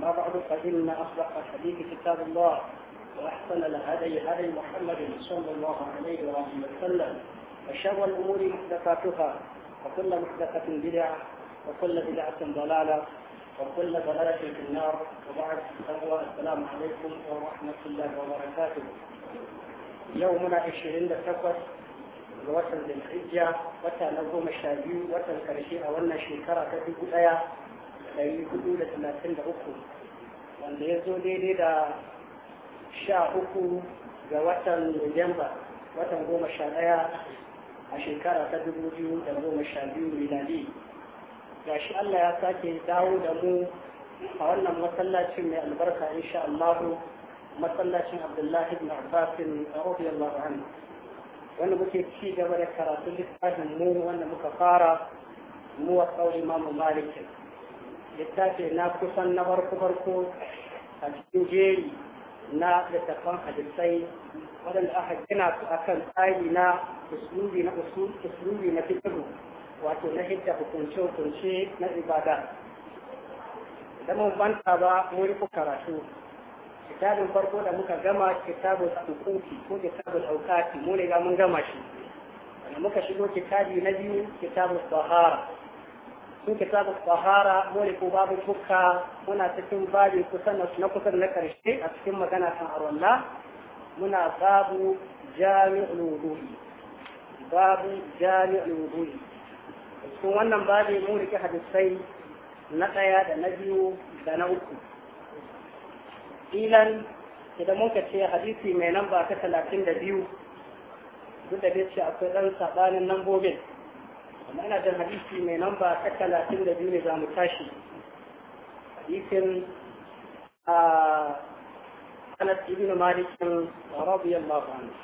ما بعد فإن أصدق الحديث كتاب الله وأحسن لهدي هدي محمد صلى الله عليه وآله وسلم وشر الأمور محدثاتها وكل محدثة بدعة وكل بدعة ضلالة وكل ضلالة في النار وبعد فهو السلام عليكم ورحمة الله وبركاته يومنا عشرين لتقوى الوطن ذي الحجة وتنظم الشاذي وتنكرشي أولنا شكرا تتبقى ɗari hudu da talatin da uku wanda ya zo daidai da sha uku ga watan Nuwamba watan goma sha ɗaya a shekara ta dubu biyu da goma sha biyu miladi shi Allah ya sake dawo da mu a wannan masallacin mai albarka insha Allah masallacin Abdullahi ibn Abbas radiyallahu anhu wanda muke ci gaba da karatun littafin mu wanda muka fara mu wa Imam Malik littafi na kusan na farko farko a cikin jeri na littafan hadisai waɗanda aka gina su kan tsari na usulubi na usulubi na fikiru wato na hidda hukunce hukunce na ibada idan mun banta ba mun rufe karatu kitabin farko da muka gama kitabun hukunci ko kitabun aukati mu ne ga mun gama shi wanda muka shigo kitabi na biyu kitabun sahara sun kitabu tsahara dole ko babu bukka muna cikin babi kusa na kusa da na karshe a cikin magana kan arwalla muna babu jami'ul wudu'i babu jami'ul wudu'i cikin wannan babi mun rike hadisai na ɗaya da na biyu da na uku ilan idan muka ce hadisi mai namba ta talatin da biyu duk da bai ce akwai ɗan saɓanin lambobin amma da hadisi mai namba ta talatin da biyu ne za mu tashi hadisin a anas ibn malik radiyallahu anhu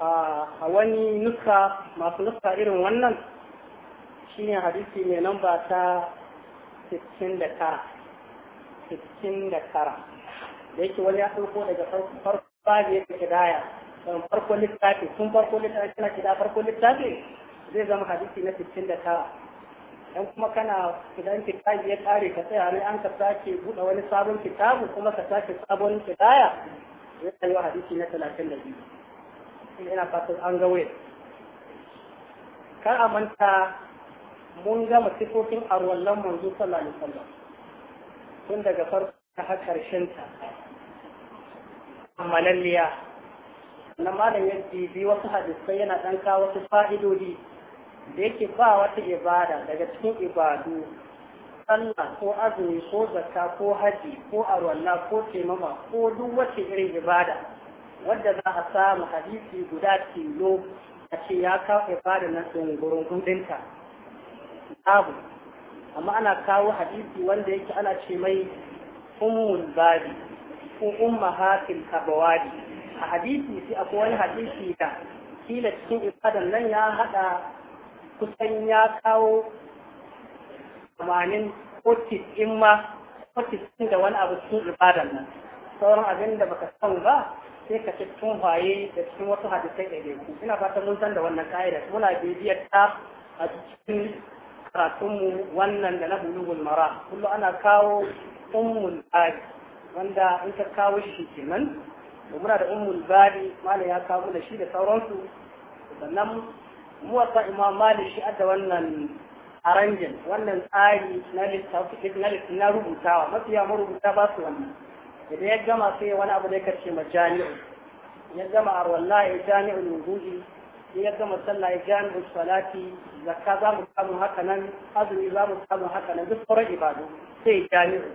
a wani nuska masu nuska irin wannan shine hadisi mai namba ta 69 69 da yake wani ya ɗauko daga farko babu yake kidaya farko littafi sun farko littafi na kida farko littafi zai zama hadisi na 69 dan kuma kana idan kitabi ya kare ka tsaya ne an ka sake buɗe wani sabon kitabu kuma ka sake sabon kitaya zai kai wa hadisi na 32 ina fatan an ga wai kar a manta mun gama sifofin arwallon manzo sallallahu alaihi wasallam tun daga farko har karshen ta malalliya na malam yadda biyu wasu hadisai yana ɗan kawo wasu fa'idodi da yake ba wata ibada daga cikin ibadu sallah ko azumi ko zakka ko haji ko arwalla ko taimama ko duk wace irin ibada wadda za a samu hadisi guda tilo a ce ya kawo ibada na tsungurin babu amma ana kawo hadisi wanda yake ana ce mai ummul babi ko hafin kabawadi a hadisi sai akwai wani hadisi da kila cikin ibadan nan ya haɗa. kusan ya kawo 80 ko in ma ko da wani abu cikin ibadan nan sauran abin da baka san ba sai ka cikin waye da cikin wasu hadisai da ɗaiɗaiku ina fatan mun san da wannan ka'idar muna bibiyar ta a cikin karatunmu wannan da na bulugul mara kullum ana kawo ummul bari wanda in ka kawo shi kenan muna da ummul bari malam ya kawo da shi da sauransu sannan muwatta imam malik shi adda wannan aranjin wannan tsari na littafi na rubutawa mafiya marubuta ba su wannan idan ya gama sai wani abu da ya karshe ma jami'u ya gama a wallahi jami'ul wudu'i in ya gama sallah ya jami'ul salati zakka za mu samu haka nan azumi za mu samu haka nan duk sauran ibadu sai jami'u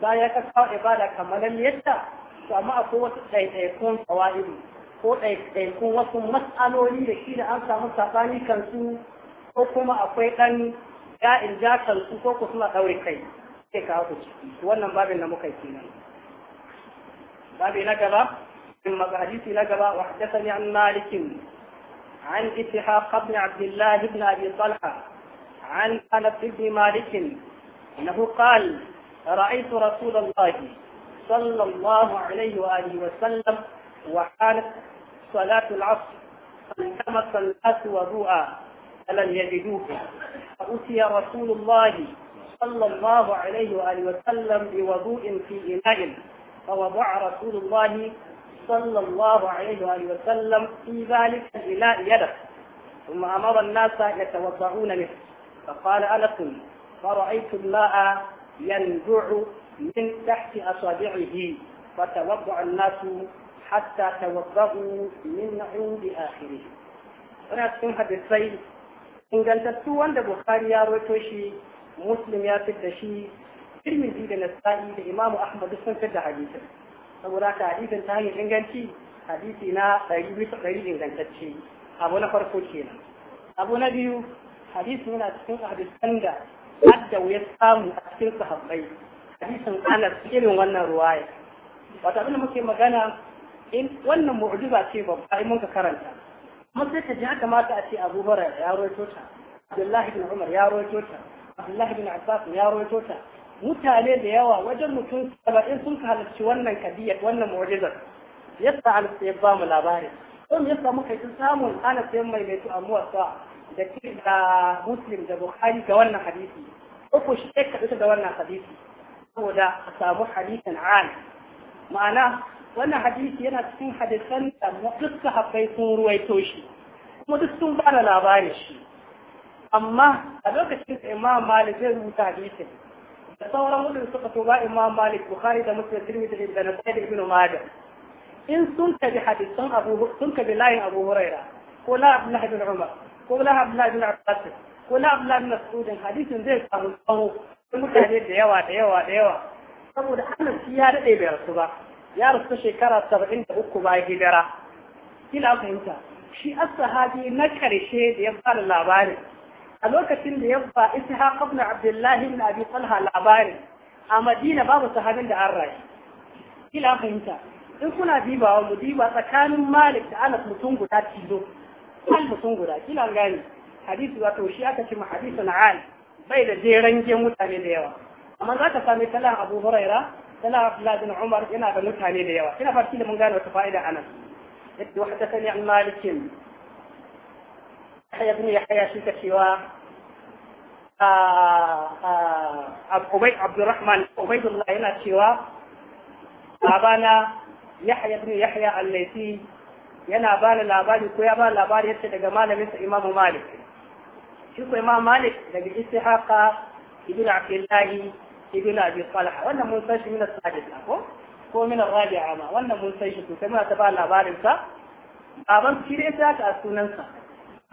bayan ka kawo ibada kamar yadda to amma akwai wasu ɗaiɗaikun tsawa'ili ko ɗaiɗaikun wasu matsaloli da shi da an samu saɓani kansu ko kuma akwai ɗan ya'in ja kansu ko ku suna ɗaure kai sai ka haku ciki wannan babin da muka yi nan babi na gaba in magahadisi na gaba wa haddathani an malikin an ishaq ibn abdullah ibn abi talha an anas ibn malik انه قال رايت رسول الله صلى الله عليه واله وسلم وحالت صلاة العصر فالتمس الناس وضوءا فلم يجدوه فأتي رسول الله صلى الله عليه وآله وسلم بوضوء في إناء فوضع رسول الله صلى الله عليه وآله وسلم في ذلك الإناء يده ثم أمر الناس يتوضعون منه فقال أنس فرأيت الماء ينبع من تحت أصابعه فتوضع الناس حتى توضأوا من عند آخره أنا أتكون حدثي إن قلت سوان دا بخاري يا روتوشي مسلم يا فدشي ترمذي دا نسائي دا إمام أحمد سن فد حديثا saboda ka hadisin ta hanyar inganci hadisi na ɗari bisa ɗari ingantacce abu na farko kenan abu na biyu hadisi yana cikin hadisan da adda ya samu a cikin sahabbai hadisin anas irin wannan ruwaya wata muke magana in wannan mu'jiza ce babba in mun ka karanta mun sai ka ji haka mata a ce Abu Hurairah ya rawaito ta Abdullahi bin Umar ya rawaito ta Abdullahi bin Abbas ya rawaito ta mutane da yawa wajen mutum saba'in sun ka halarci wannan kadiya wannan mu'jiza yasa Anas sai ba mu labari don yasa muka yi samun ana ya mai mai amma wasa da da Muslim da Bukhari ga wannan hadisi uku shi ka da wannan hadisi saboda a samu hadisin an ma'ana wannan hadisi yana cikin hadisan da duk sahabbai sun ruwaito shi kuma duk sun bada labarin shi amma a lokacin da imam malik zai rubuta hadisin da sauran wadanda suka tuba imam malik bukhari da muslim tirmidhi da nasai da ibnu majah in sun kabi hadisan abu sun kabi layin abu huraira ko la abdullah bin umar ko la abdullah bin abbas ko la abdullah bin mas'ud hadisin zai samu tsawo mutane da yawa da yawa da yawa saboda Allah shi ya dade bai rasu ba ya rasu shekara saba'in da uku bayan hijira kila fahimta shi as-sahabi na karshe da ya fara labarin a lokacin da ya ba ishaq ibn Abdullahi ibn abi talha labarin a madina babu sahabin da an rayu kila fahimta in kuna dibawa mu diba tsakanin malik da anas mutum guda tilo kan mutum guda kila gani hadisi wato shi aka ce ma hadisun al bai da jeren mutane da yawa amma za ka sami talan abu huraira سنا عبد الله بن عمر هنا بنتاني ليوا هنا فرتي لمن قال وتفائد أنا يدي وحدثني عن مالك يحيى بن يحيى شيك سوا أبي عبد الرحمن أبي الله هنا سوا أبانا يحيى بن يحيى الذي ينا بان الأبان كويا بان الأبان يسجد جمال من إمام مالك شوف إمام مالك لقي إسحاق ابن عبد الله ibn abi talha wannan mun san shi min as-sadis ko ko min ar-rabi'a ma wannan mun san shi to kai muna ta ba labarin sa baban shi dai ta ka sunan sa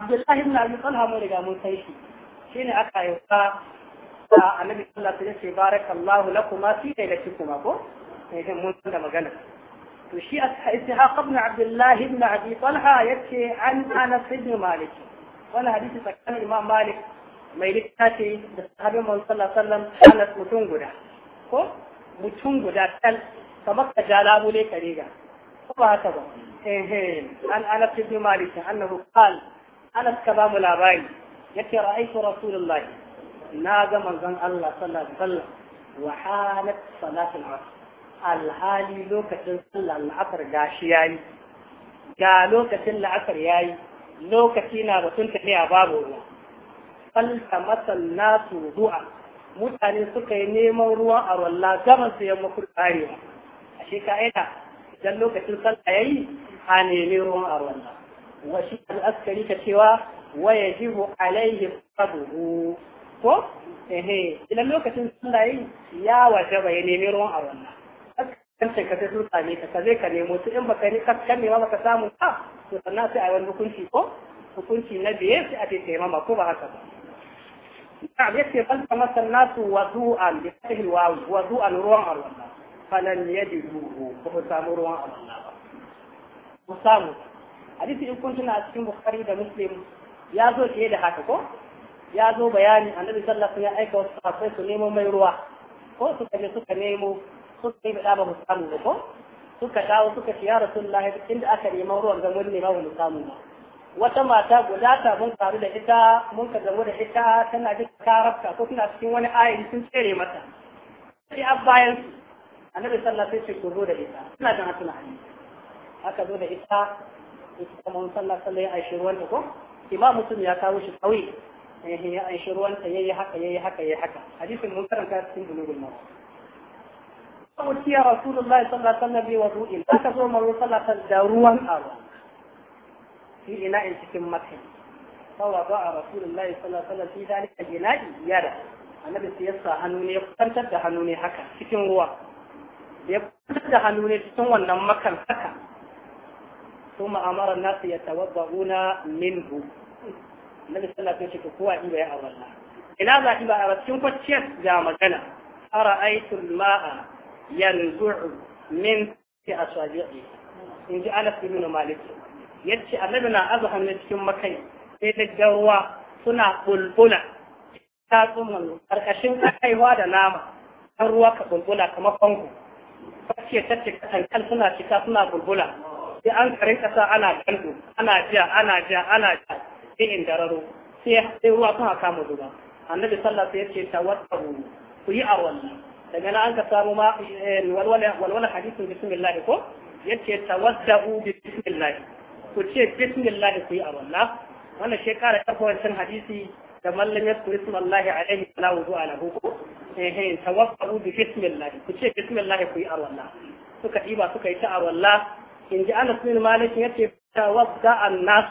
abdullahi ibn abi talha mun riga mun san shi shine aka yauka da annabi sallallahu alaihi wasallam barakallahu lakuma fi lailatikuma ko eh mun san da magana to shi ishaq ibn abdullah ibn abi talha yace an anas ibn malik wannan hadisi tsakanin imam malik mai littafi da sahabin manzo sallallahu alaihi wasallam mutum guda ko mutum guda tal kamar ka ja labule ka riga ko ba haka ba eh an anas fi malik annahu qal anas ka ba mu labari yace ra'aytu rasulullahi na ga manzon Allah sallallahu alaihi wasallam wa halat salatul asr alhali lokacin sallar la'asar gashi yayi ga lokacin la'asar yayi lokaci na batun a babu ruwa faltamasa nasu du'a mutane suka yi neman ruwan a rolla gaban su yamma kudu arewa a shi ka'ida idan lokacin sallah yi a nemi ruwan a rolla wa shi al'askari ka cewa waya jihu alaihi sabuhu ko ehe idan lokacin sallah yi ya waje bai nemi ruwan a rolla kancin ka sai sun ka ka zai ka nemo su in baka ni ka nema baka samu ba to sannan sai a wani hukunci ko hukunci na biye sai a ce taimama ko ba haka ba نعم يكفي قد تمس الناس وضوءا بفتح الواو وضوءا روان على الله فلن يجدوه فقسام روان على الله قسام حديث إن كنت أتكلم بخاري ده مسلم يا زو شيء ده هكذا ya zo bayani annabi sallallahu ya aika wasu sahabbai su nemo mai ruwa ko suka je suka nemo suka yi bada ba mu ba ko suka dawo suka ce ya rasulullahi inda aka neman ruwan ga mun nema ba mu ba wata mata guda ta mun karu da ita mun ka gamu da ita tana jin karafta ko tana cikin wani ayin sun tsere mata sai a bayan annabi sallallahu alaihi wasallam sai zo da ita tana da hatuna ne aka zo da ita ita kuma mun sallallahu alaihi wasallam ya aishi ruwan ko imam mutum ya kawo shi kauye eh ya aishi ruwan ta yayi haka yayi haka yayi haka hadisin mun karanta cikin bulugul maram ko tiya rasulullahi sallallahu alaihi wasallam bi wudu'in aka zo mun sallallahu alaihi wasallam da ruwan arwa في إناء cikin matsi فوضع رسول الله صلى الله عليه وسلم في ذلك الإناء يرى annabi sai ya sa hannu ne ya kwantar da hannu ne haka cikin ruwa ya kwantar ثم أمر الناس يتوضعون منه النبي صلى الله عليه وسلم كوا إبا يا الله إلا ذا إبا أرسل كتشيس يا مجنة أرأيت الماء ينزع من أصابعه إن جاء أنس بن مالك yace annabi na azhar ne cikin makai sai da ruwa suna bulbula ta tsumman karkashin kaiwa da nama har ruwa ka bulbula kamar fango fashe ta cika tankal suna cika suna bulbula sai an karin kasa ana kallo ana jiya ana jiya ana jiya sai in dararo sai sai ruwa suna kama zuba annabi sallallahu alaihi wasallam yace tawassalu ku yi arwalla daga nan an ka samu ma eh, walwala walwala hadisin bismillah ko yace tawassau bismillah ku ce bismillah ku yi wannan shi kara wancan hadisi da mallam ya bismillah alaihi wa eh eh bi bismillah ku bismillah ku yi wannan suka diba suka yi ta wannan in ji Anas bin Malik yace tawadda an-nas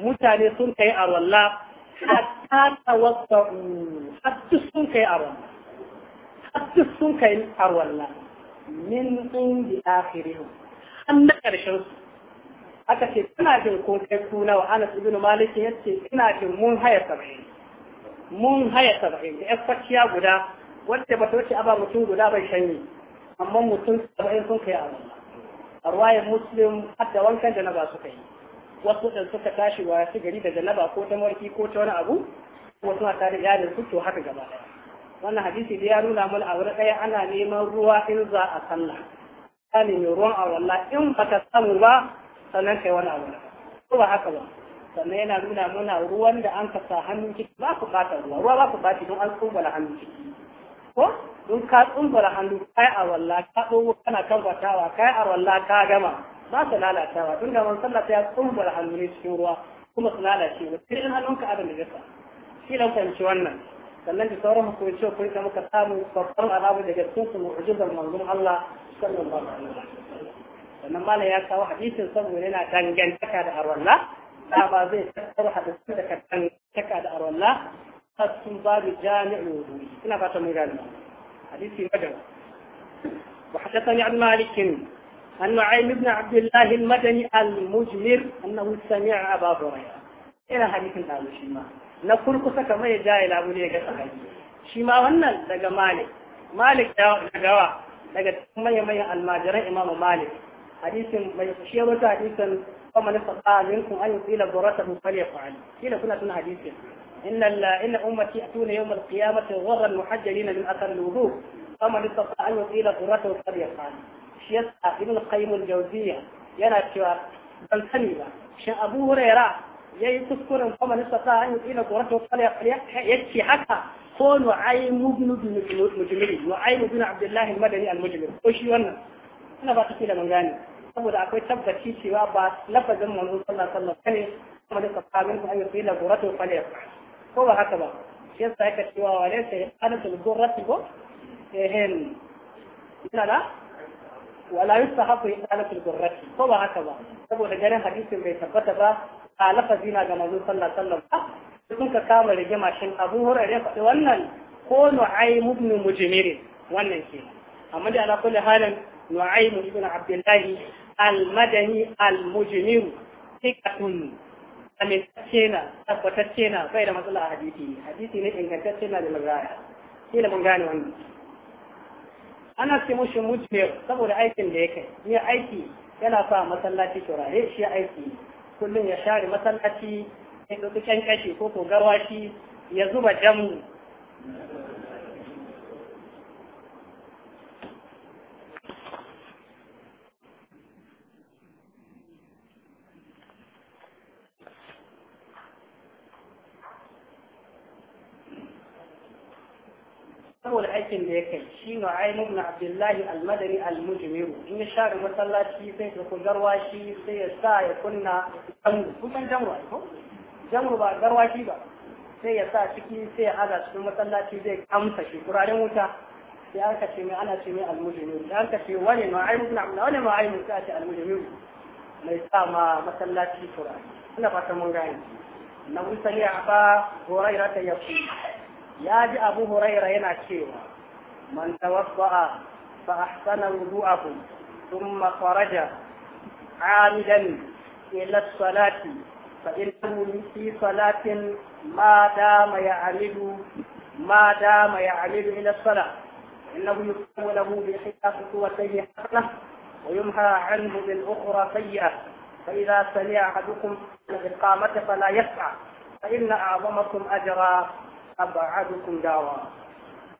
mutane sun kai hatta hatta karshen su aka ce ina jin ko kai ku nawa Anas ibn Malik yace ina jin mun haya 70 mun haya 70 da fakkiya guda wanda bata wuce aba mutum guda bai shanye amma mutum 70 sun kai Allah a ruwayan Muslim hatta wankan da na ba su kai wasu da suka tashi wa su gari da janaba ko ta marki ko ta wani abu kuma suna tare iyalin su to haka gaba daya wannan hadisi da ya nuna mana a wurin ɗaya ana neman ruwa in za a sallah ka ne ruwan a wallah in baka samu ba sannan kai wani abu ko ba haka ba sannan yana nuna mana ruwan da an kasa hannun ciki ba ku bata ruwa ruwa ba ku bata don an tsumbala hannun ciki ko don ka tsumbala hannu kai a walla ka dogo kana kan batawa kai a walla ka gama ba su lalatawa tun da man sallata ya tsumbala hannu ne cikin ruwa kuma su lalace ba sai in ka adam da gasa shi lan fahimci wannan sannan da sauran hukumci ko da muka samu babban al'abu daga cikin su mu'jizar manzon Allah sallallahu alaihi wasallam sannan malam ya kawo hadisin saboda yana dangantaka da arwalla da ba zai tattaro hadisin da dangantaka da arwalla fasu babu jami'ul wudu'i ina fata mun gane hadisi madan وحدثني عن مالك عن نعيم بن عبد الله المدني المجمر انه سمع ابا هريره الى حديث قالوا شيما نقول كسك ما يجاي لا بني ga شيما wannan daga malik malik daga daga daga manyan manyan almajiran imamu malik hadisin mai shi wata hadisin kuma na faɗa minkum an yusila a falyaf'al kila kuna tuna hadisin إن إن أمتي يأتون يوم القيامة غرا محجلين من أثر الوضوء فمن استطاع أن يطيل ya فليفعل شيخ ابن القيم الجوزية yana cewa ban sani ba shin abu huraira ya yi kuskuren kuma na sata an yi tsina tsoron tokar ya ce haka ko nu'aymu bin abdullahi madani al-mujmir ko shi wannan ina ba ta kila mun gane saboda akwai tabbaci cewa ba lafazin manzon sallah sallah kane kuma da sahabin ku an yi la guratu faliya ko ba haka ba shi yasa yake cewa wa sai laysa yaqalatul guratu ko ehin ina da wala yustahabu yaqalatul guratu ko ba haka ba saboda ganin hadisin bai tabbata ba a lafazi na ga manzon sallallahu alaihi wasallam ba sun ka kama rigima shin abu hurairah faɗi wannan ko nu'aym ibn mujmir wannan ke amma da ala kulli halin نعيم بن عبد الله المدني المجمر ثقة amintacce tabbatacce na bai da matsala a hadisi ne ingantacce na da magana kila mun gane wannan ana ce mushi mujmir saboda aikin da yake ni aiki yana sa masallaci turare shi aiki kullum ya share masallaci ya dauki kankashi ko ko ya zuba jamu saboda aikin da ya kai shi ne ainihin ibn abdullahi almadani almujmiru in ya share masallaci sai ta ku garwashi sai ya sa ya kunna jamru kusan jamru a ko jamru ba garwashi ba sai ya sa ciki sai ya aza cikin masallaci zai amsa shi kuraren wuta sai aka ce mai ana ce mai almujmiru sai aka ce wani ma ainihin ibn abdullahi wani ma ainihin sai ce almujmiru mai sa ma masallaci kurare ina fata mun gane na wuta ne a ba horaira ta yafi ya ji abu huraira yana cewa man tawaffa'a fa ahsana wudu'ahu thumma kharaja amidan ila salati fa innahu fi salatin ma dama ya'malu ما دام يعمل إلى الصلاة إنه يكون له بإحدى قوتيه حسنة ويمحى عنه بالأخرى سيئة فإذا سمع أحدكم الإقامة فلا يسعى فإن أعظمكم أجرا أبعدكم دعوة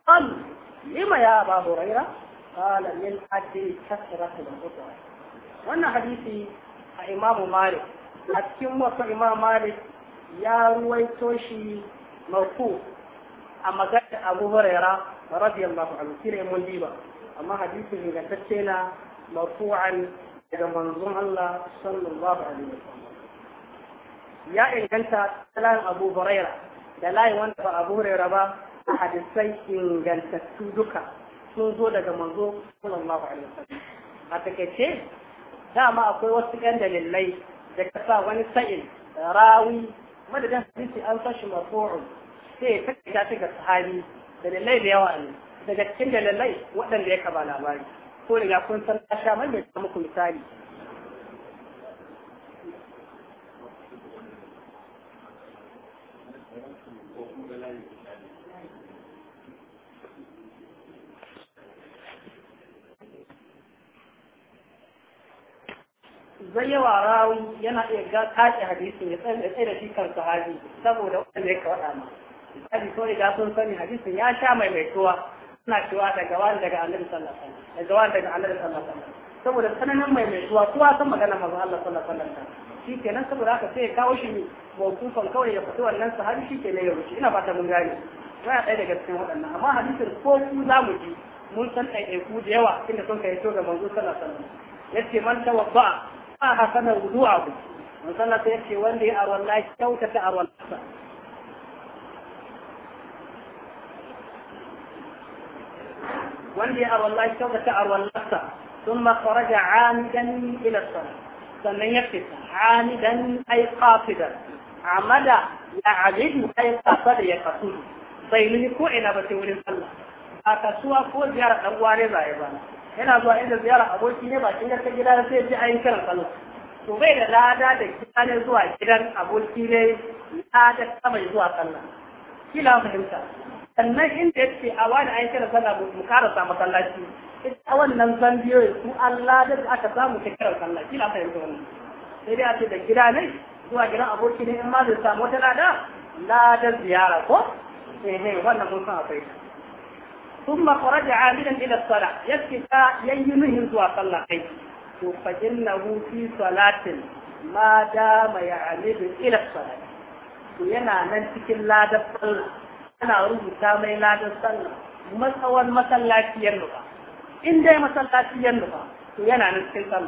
قال لما يا أبا هريرة قال من أجل كثرة الخطوة وانا حديثي إمام مالك أتكلم وقت إمام مالك يا رويتوشي مرفوع أما قال أبو هريرة رضي الله عنه كلا يمون ديبا أما حديثه إذا تتينا مرفوعا إذا منظوم الله صلى الله عليه وسلم يا إن أنت سلام أبو هريرة da layin wanda ba abu hurera ba a hadisai ingantattu duka sun zo daga manzo sallallahu alaihi wasallam a takaice dama akwai wasu 'yan dalilai da ka sa wani sa'in rawi madadin hadisi an sa shi marfu'u sai ya takaita ta ga sahabi dalilai da yawa ne daga cikin dalilai waɗanda ya kaba labari ko ya kun san ta sha mai muku misali zai yawa rawi yana iya ga tashi hadisin ya tsaye da shi kan sahabi saboda wanda ya kawaɗa ma misali sun riga sun sani hadisin ya sha mai mai tuwa suna cewa daga wani daga annabi sallallahu alaihi wasallam daga wani daga annabi sallallahu alaihi wasallam saboda tsananin mai mai tuwa kowa san magana manzo Allah sallallahu alaihi wasallam shi kenan saboda haka sai ya kawo shi mawkufan kawai ya fito wannan sahabi shi kenan ya rushe. ina fata mun gane waya ɗaya daga cikin waɗannan amma hadisin ko ku za mu ji mun san ɗaiɗaiku da yawa inda sun kai to ga manzo sallallahu alaihi wasallam yace man tawabba ba hasanar wudu a ku musalla ta yake wanda ya arwan na kyauta ta arwan wanda ya arwan na ta arwan nasa sun makwara ga amidan ilasar sannan ya fi amidan ai kafidar amada ya abidu ai kafa ya kasu sai nuni ko ina ba sai wurin sallah a kasuwa ko ziyarar ɗan'uwa ne za a yi yana zuwa inda ziyara aboki ne kin gaskar gida sai ji ayin karan salo to bai da lada da gida ne zuwa gidan aboki ne ta ta kama zuwa sallah kila fahimta sannan inda ya ce a wani ayin kiran sallah mu karasa masallaci ita wannan biyo su Allah da aka samu ta karan sallah kila fahimta wannan sai dai a ce da gida ne zuwa gidan aboki ne in ma zai samu wata lada lada ziyara ko eh eh wannan mun san akwai ثم خرج عاملا الى الصلاه يكفى يينه زوا صلى كي فانه في صلاه ما دام يعمل الى الصلاه وينا نن cikin ladar sallah ana rubuta mai ladar sallah matsawan masallaciyar nufa in dai masallaciyar nufa to yana nan cikin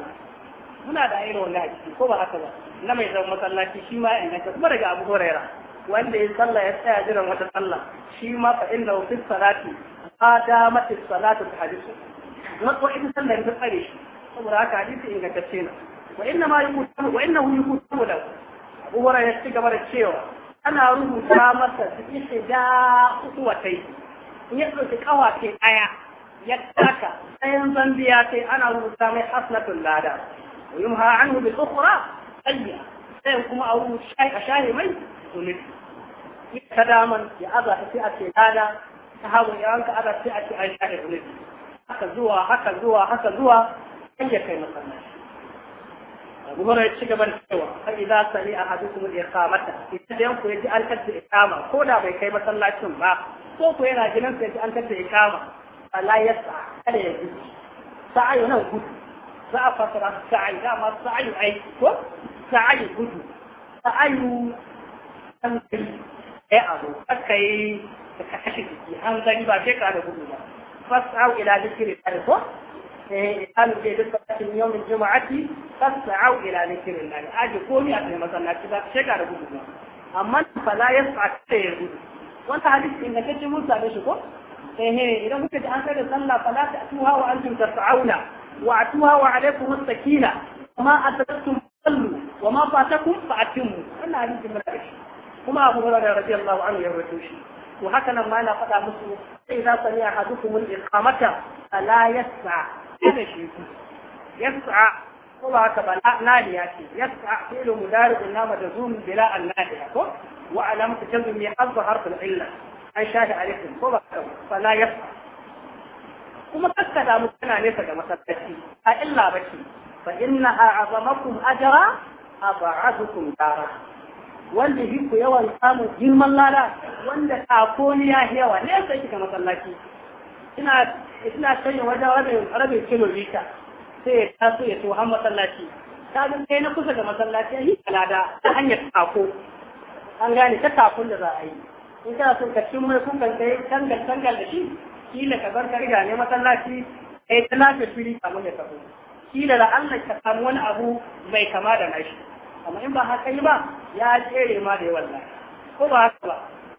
muna da irin wannan ciki ko ba haka ba na mai zama masallaci shi ma in ka kuma daga Abu Huraira wanda ya sallah ya tsaya jiran wata sallah shi ma fa inna adamat salatu bi hadisi wato in sallar ta tsare shi saboda haka hadisi ingantacce na wa inna ma yukutabu wa innahu yukutabu lahu Abu Hurairah ya ci gaba da cewa ana rubuta masa su da kuwatai in ya ɗauki kawace ɗaya ya taka tsayin zambiya sai ana rubuta mai hasnatun lada wa yumha anhu bil ukhra ayya sai kuma a rubuta a shahi mai zunubi ita daman ya aza ta sai a ke lada sahabun ya ranka aka ce a ce an shaɗe zunubi haka zuwa haka zuwa haka zuwa an ya kai masallaci abu hura ya ci gaba da cewa fa idza sami ahadukum iqamata idan ɗayan ku yaji an kadda iqama ko da bai kai masallacin ba ko ku yana jinan sai ji an kadda iqama ala yasa kada ya gudu sa'ayu nan gudu za a fasara sa'ayu dama sa'ayu aiki ko sa'ayu gudu sa'ayu an kai ya abu kai ka kashe jiki an gani ba sai ka da gudu ba fas'au ila dhikri ko eh an je duk cikin yawmin juma'ati fas'au ila dhikri Allah aje komai a cikin masallaci ba sai ka da gudu ba amma fa la yas'a ta ya gudu wannan hadisi ingantacce mun da shi ko eh idan kuka ji an sai da sallah fala ta'tuha wa antum tas'auna wa atuha wa alaykum as-sakina ma atattum sallu wa ma fatakum fa'atimu wannan hadisi mun kuma abu hurairah radiyallahu anhu ya rawaito shi to haka nan ma na faɗa musu sai za sami a hadukum al-iqamata ala yas'a kada shi ku yas'a ko ba haka ba nadiya ce yas'a fi'lu mudarib na madzum bila an-nadiya ko wa al-illa an shahi alaikum ko ba haka ba la yas'a kuma kakka da mutana nesa da masallaci a illa bace fa innaha azamakum ajra ab'adukum dara wanda shi ku yawan samun girman lada wanda kako ni ya yawa ne sai kika masallaci ina ina sanya wajen rabin rabin kilomita sai ya taso ya to har masallaci ta ga kai na kusa ga masallaci yi kalada ta hanyar tako an gane ta kakun da za a yi in kana son ka cin mai kukan kai tangal tangal da shi kila ka bar ka riga ne masallaci kai ta lafiya fili samu ya tafi kila da ka samu wani abu mai kama da nashi amma in ba haka yi ba ya kere ma da yawan nan ko ba haka ba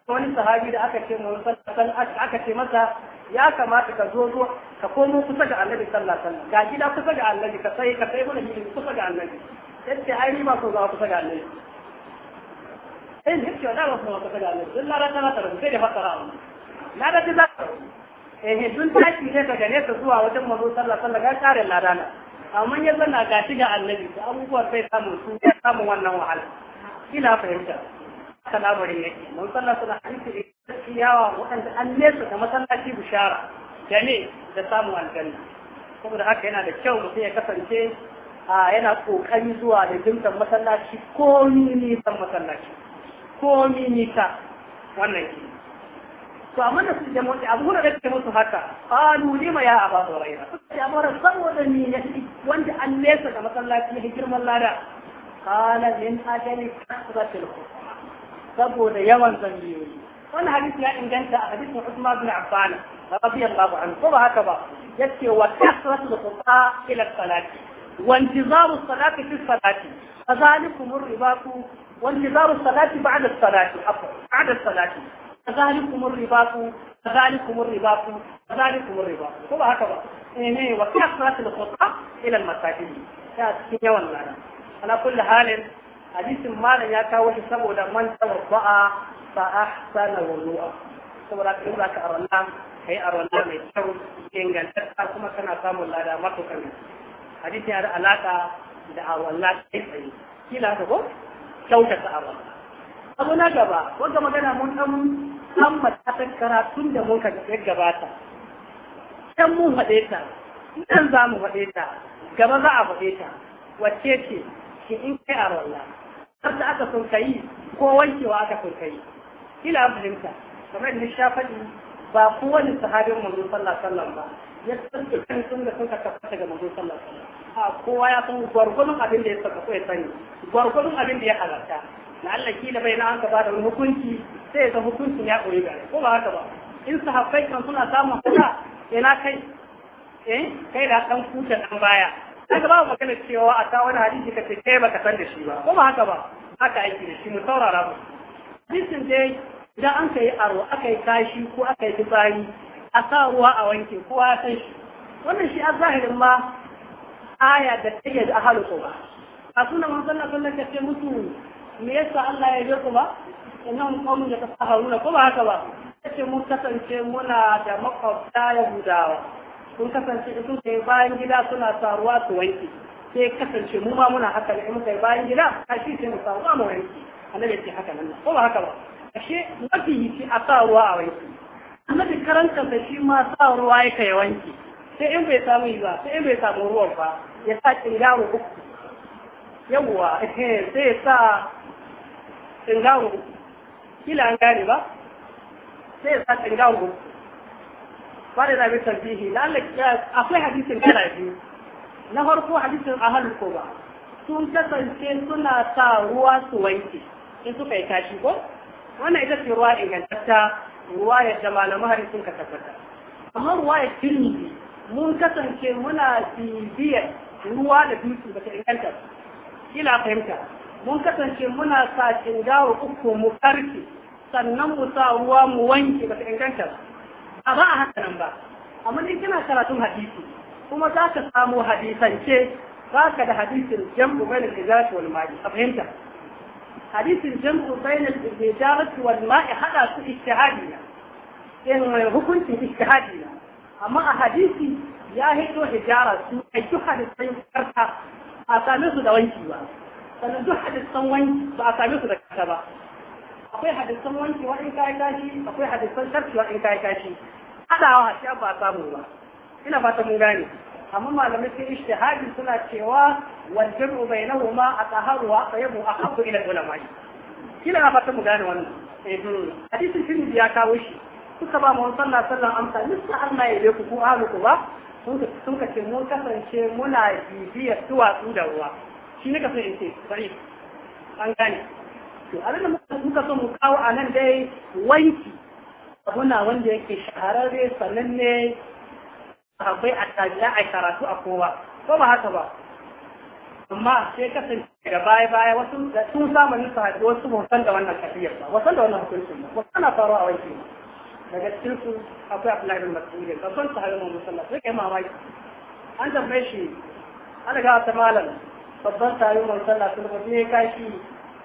wani sahabi da aka ce mu sallan aka ce masa ya kamata ka zo zo ka komo kusa ga annabi sallallahu alaihi wasallam ga gida kusa ga annabi ka sai ka sai mana hidin kusa ga annabi yace ai ni ba so kusa ga annabi eh ne ce na ba so kusa ga annabi dalla lara na tarar sai da fatara na da ta eh dun taki ne gane nesa zuwa wajen mazo sallallahu alaihi wasallam ga karin ladana amma yanzu na gashi ga annabi abubuwan sai samu su samu wannan wahala ina fahimta haka labarin yake mun sallah suna hadisi da yawa waɗanda an nesa da masallaci bishara jami da samun aljanna saboda haka yana da kyau mutum ya kasance a yana kokari zuwa da jimtar masallaci ko nisan masallaci ko nisa wannan ke to amma da su jama'a abu hura da ke musu haka qalu lima ya aba hurairah sai amma saboda ni wanda an nesa da masallaci ya girman lada qala min ajali kasratil khutbah saboda yawan zambiyoyi wannan hadisi ya inganta a hadisin Usman bin Affan radiyallahu anhu ko ba haka ba yace wa kasratul khutbah ila salati wa intizamu salati fi salati fadhalikum ar-ribatu wa intizamu فذلكم الرباط فذلكم الرباط فذلكم الرباط هو هكذا وكثرة الخطأ إلى المساجد هذا يوم العالم ala kulli halin hadisin malam ya kawo shi saboda man tawadda'a fa ahsana wudu'a saboda ka dubra ka arwala kai arwala mai kyau ingantacce kuma kana samun lada matukan hadisin ya da alaka da arwala kai tsaye kila ka ko kyautata arwala abu na gaba wanda magana mun dan an matakan karatun da mun ka gabata dan mun faɗe ta dan za mu faɗe ta gaba za a faɗe ta wacce ce cikin in kai a rolla har da aka sun kai ko wankewa aka sun kai ila fahimta kamar da sha faɗi ba kowane sahabin manzo sallallahu alaihi ba ya san kan sun da sun ka kafa daga manzo sallallahu alaihi wasallam a kowa ya san gwargwadon abin da ya saka ko ya sani gwargwadon abin da ya halarta na Allah kila bai na an ka ba da hukunci sai ya san hukuncin ya koyi gare ko ba haka ba in sahabbai kan suna samun haka ina kai eh kai da dan kuta dan baya sai ba magana cewa a ta wani hadisi ka ce kai ka san da shi ba ko ba haka ba haka aiki da shi mu saurara mu hadisin dai idan an kai aro aka yi kashi ko aka yi fitsari a sa ruwa a wanke kowa ya san shi wannan shi a zahirin ma aya da take da ahalu ko ba a sunan manzon Allah sallar alaihi wasallam mutu me yasa Allah ya yi ko ba innan qaumun da ta haruna ko ba haka ba kace mun kasance muna da makwabta gudawa? sun kasance in sun kai bayan gida suna taruwa su wanke sai kasance mu ma muna haka da mu kai bayan gida a shi sai mu samu mu wanke annabi ya ce haka nan ko ba haka ba ashe mafi yi a sa a wanke annabi karanta da shi ma sa ruwa ya kai wanke sai in bai samu yi ba sai in bai samu ruwan ba ya sa tsingaro uku yawwa sai ya sa tsingaro uku kila an gane ba sai ya sa tsingaro uku bare da bin tarbihi lalle eh, akwai hadisin kala biyu na farko hadisin ahalul quba sun kasance suna sa ruwa su wanke in suka yi tashi ko wannan ita ce ruwa ingantatta ruwa ya zama na hari sun ka tabbata amma ruwa ya tirmidhi mun kasance muna bibiyar ruwa da dutse ba ta inganta kila fahimta mun kasance muna sa cingawa uku mu karki sannan mu sa ruwa mu wanke ba ta inganta ba a ba a haka nan ba amma in kana karatun hadisi kuma za ka samu hadisance ba ka da hadisin jam'u bain al-ijarati wal ma'i a fahimta hadisin jam'u bain al-ijarati wal ma'i hada su ijtihadi in hukuncin ijtihadi amma a hadisi ya hito hijara su ai duk hadisan karta a same su da wanki ba sannan duk hadisan wanki ba a same su da karta ba akwai hadisan wanki wa in kai kashi akwai hadisan sarki wa in kai kashi hadawa shi ba samu ba ina fata mun gane amma malamai sun ishtihadi suna cewa wajen wal jam'u bainahuma ataharu wa a ahabbu ila ulama kila na fata mun gane wannan eh hadisin tirmidhi ya kawo shi suka ba mu sallah sallan amsa lissa Allah ya yi ku ku ba sun ka ce mun kasance muna bibiyar duwatsu da ruwa shi ne ka so in ce sai an gane to abin da muka so mu kawo a nan dai wanki abuna wanda yake shahararre sananne akwai a tajira a karatu a kowa ko ba haka ba amma sai kasance daga baya baya wasu da sun zamanin su haɗu wasu ba san da wannan kafiyar ba wasan da wannan hukuncin ba wasu na faru a wanki daga cikin su akwai Abdullahi bin Mas'ud da son sahabi mu musalla sai kai mamaki an tambaye shi an ga ta malam babban sahabi mu musalla sun ba sai kai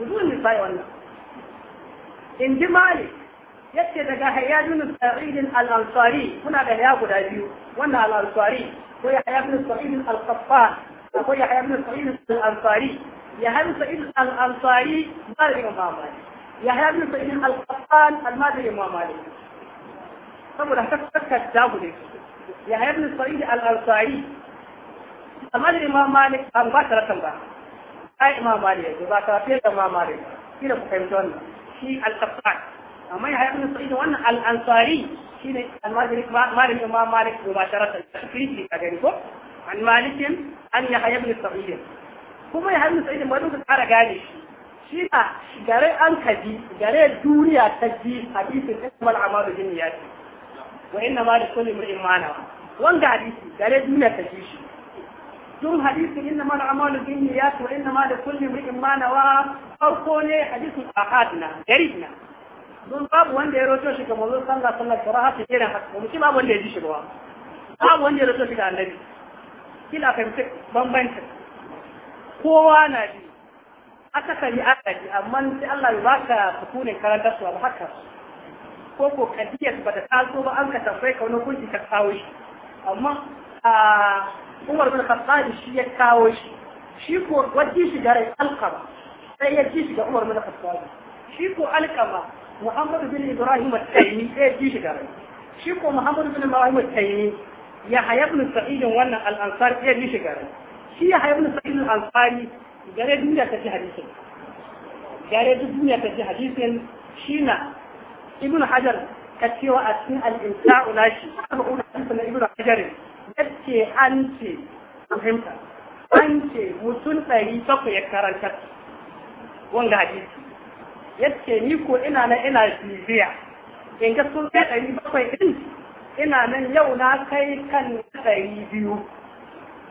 usulul nisa'i wannan in ji malik yace daga hayya bin sa'id al-ansari muna da haya guda biyu wannan al-ansari ko ya haya bin sa'id al-qattan ko ya haya bin sa'id al-ansari ya haya bin sa'id al-ansari malik imam malik ya haya bin sa'id al-qattan al-madri imam malik saboda haka suka dagu ne ya haya bin sa'id al-ansari amma da imam malik an ba ta rakan ba ai ma mali yake ba ta fiye da imam mali shi da ku fahimci wannan shi al-qassan amma ya haifin sa'id wannan al-ansari shine al-majri mali imam mali ko ba sharata shi a gari ko an malikin an ya haifin sa'id kuma ya haifin sa'id ma duka kara gane shi shi na gare an kaji gare duniya ta ji hadisin ismal amalu jinniyati wa inna ma li kulli imrin ma nawa wanga hadisi gare duniya ta ji shi tun hadisin inna ma al'amalu bin niyyat wa inna ma da kulli imrin ma nawa farko ne hadisin ahadna na. don babu wanda ya roto shi kamar zan sallah sallah saraha ta kira haka mu ci babu wanda ya ji shi ba babu wanda ya roto shi ga annabi kila fahimci bambancin kowa na ji aka sani aka ji amma sai Allah ya baka sukunin karantar su ba haka ko ko kadiyar ba ta taso ba an ka tambaye ka wani kunci ka kawo shi amma a ah, umar bin khattab shi ya kawo shi shi ko wajen shi gare alqama sai ya ji shi ga umar bin khattab shi ko alqaba muhammad bin ibrahim at-taymi sai ya ji shi gare shi ko muhammad bin ibrahim at-taymi ya haya ibn sa'id wannan al-ansar ya ji shi gare shi ya haya ibn sa'id al-ansari gare duniya ta ji hadisin gare duniya ta ji hadisin shi na ibn hajar kacewa a cikin al-insa'u nashi arba'una hadisin ibn hajar yace an ce fahimta an ce mutum ɗari takwas ya karanta wanga hadisi yace ni ko ina nan ina bibiya in ga sun kai ɗari bakwai ɗin ina nan yau na kai kan ɗari biyu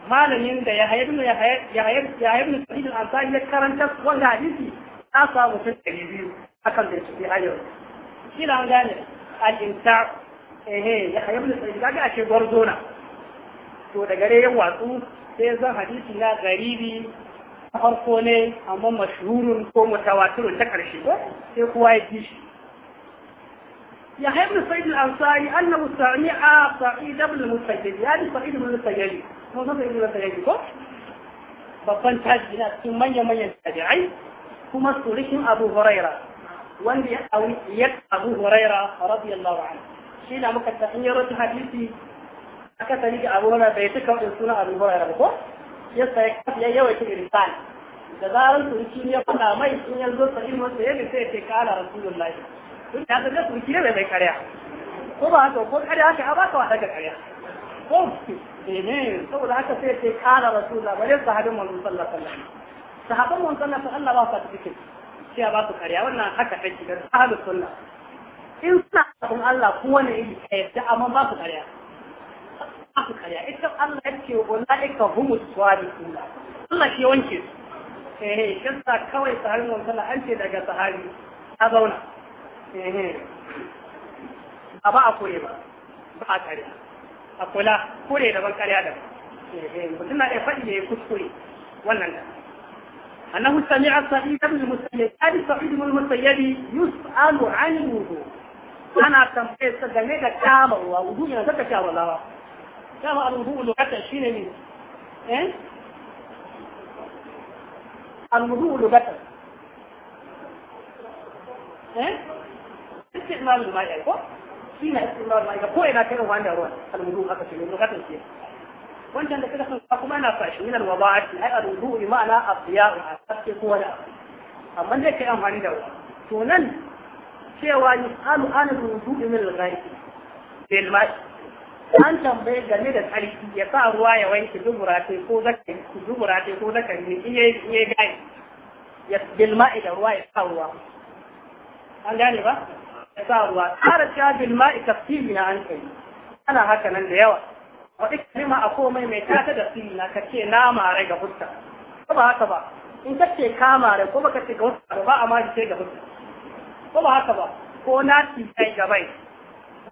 malamin da ya hayar ya hayar ya hayar da sahibin ansari ya karanta wanga hadisi na samu mutum ɗari biyu akan bincike a yau shi na gane al'inta ehe eh, ya hayar da sahibin kaga a ce gwarzona to da gare ya watsu sai zan hadisi na garibi na farko ne amma mashhurun ko mutawatirun ta karshe ko sai kowa ya ji shi ya haibu sa'id al-ansari annahu sami'a sa'id ibn al-musayyib yani sa'id ibn al-musayyib mun san ibn al ko babban taji na cikin manya manyan tabi'ai kuma surikin abu huraira wanda ya abu huraira radiyallahu anhu shi na muka ta in yaro hadisi aka sani ga abu hura bai cika wadin suna abu hura da ko yasa ya kafa yawa ki irsal da zaran turki ya fada mai sun ya zo sai mun sai ce kala rasulullahi tun da haka turki ne bai karya ko ba haka ko kariya haka ba baka wa kariya karya ko ne saboda haka sai ce kala rasulullahi bare sahabin manzon sallallahu alaihi wasallam sahabban manzon sallallahu alaihi wasallam ba su cikin sai ba su karya wannan haka take da sahabin sunna in sa kun Allah kowane ne ka yadda amma ba su karya su karya ita Allah ya ce humu Allah ke wanke eh kin sa kawai mun an ce daga sahari. zauna eh a ba ba ba a a kula kore daban eh mutum na iya faɗi da kuskure wannan da أنه سمع سعيد بن المسيب أبي سعيد بن المسيب يسأل عن الوضوء أنا تنبيه سجنة كامل ووضوء ينزل كامل dama alwudu lugatan shine ne eh alwudu lugatan eh istimal al-ma'i ko shine istimal al-ma'i ko ina kai wanda ruwa alwudu haka shine lugatan shine wancan da kaga sun kuma ana fashi min al-wada'ati ai alwudu ma'ana asiya'u asafi ko wala amma dai kai amfani da ruwa to nan cewa ni an al-wudu min al-ghaibi bil ma'i an tambaye game da tsarki ya sa ruwa ya wanke dubura ta ko zakari dubura ta ko zakari ne iya iya in ya bilma da ruwa ya sa ruwa an gane ba ya sa ruwa tsara cewa bilma tafsiri na hankali kai ana haka nan da yawa wata kalma a komai mai tata da fili na kace na mare ga fuska ko ba haka ba in kace ka mare ko baka ce ga fuska ba a ma ce ga fuska ko ba haka ba ko na ci kai gabai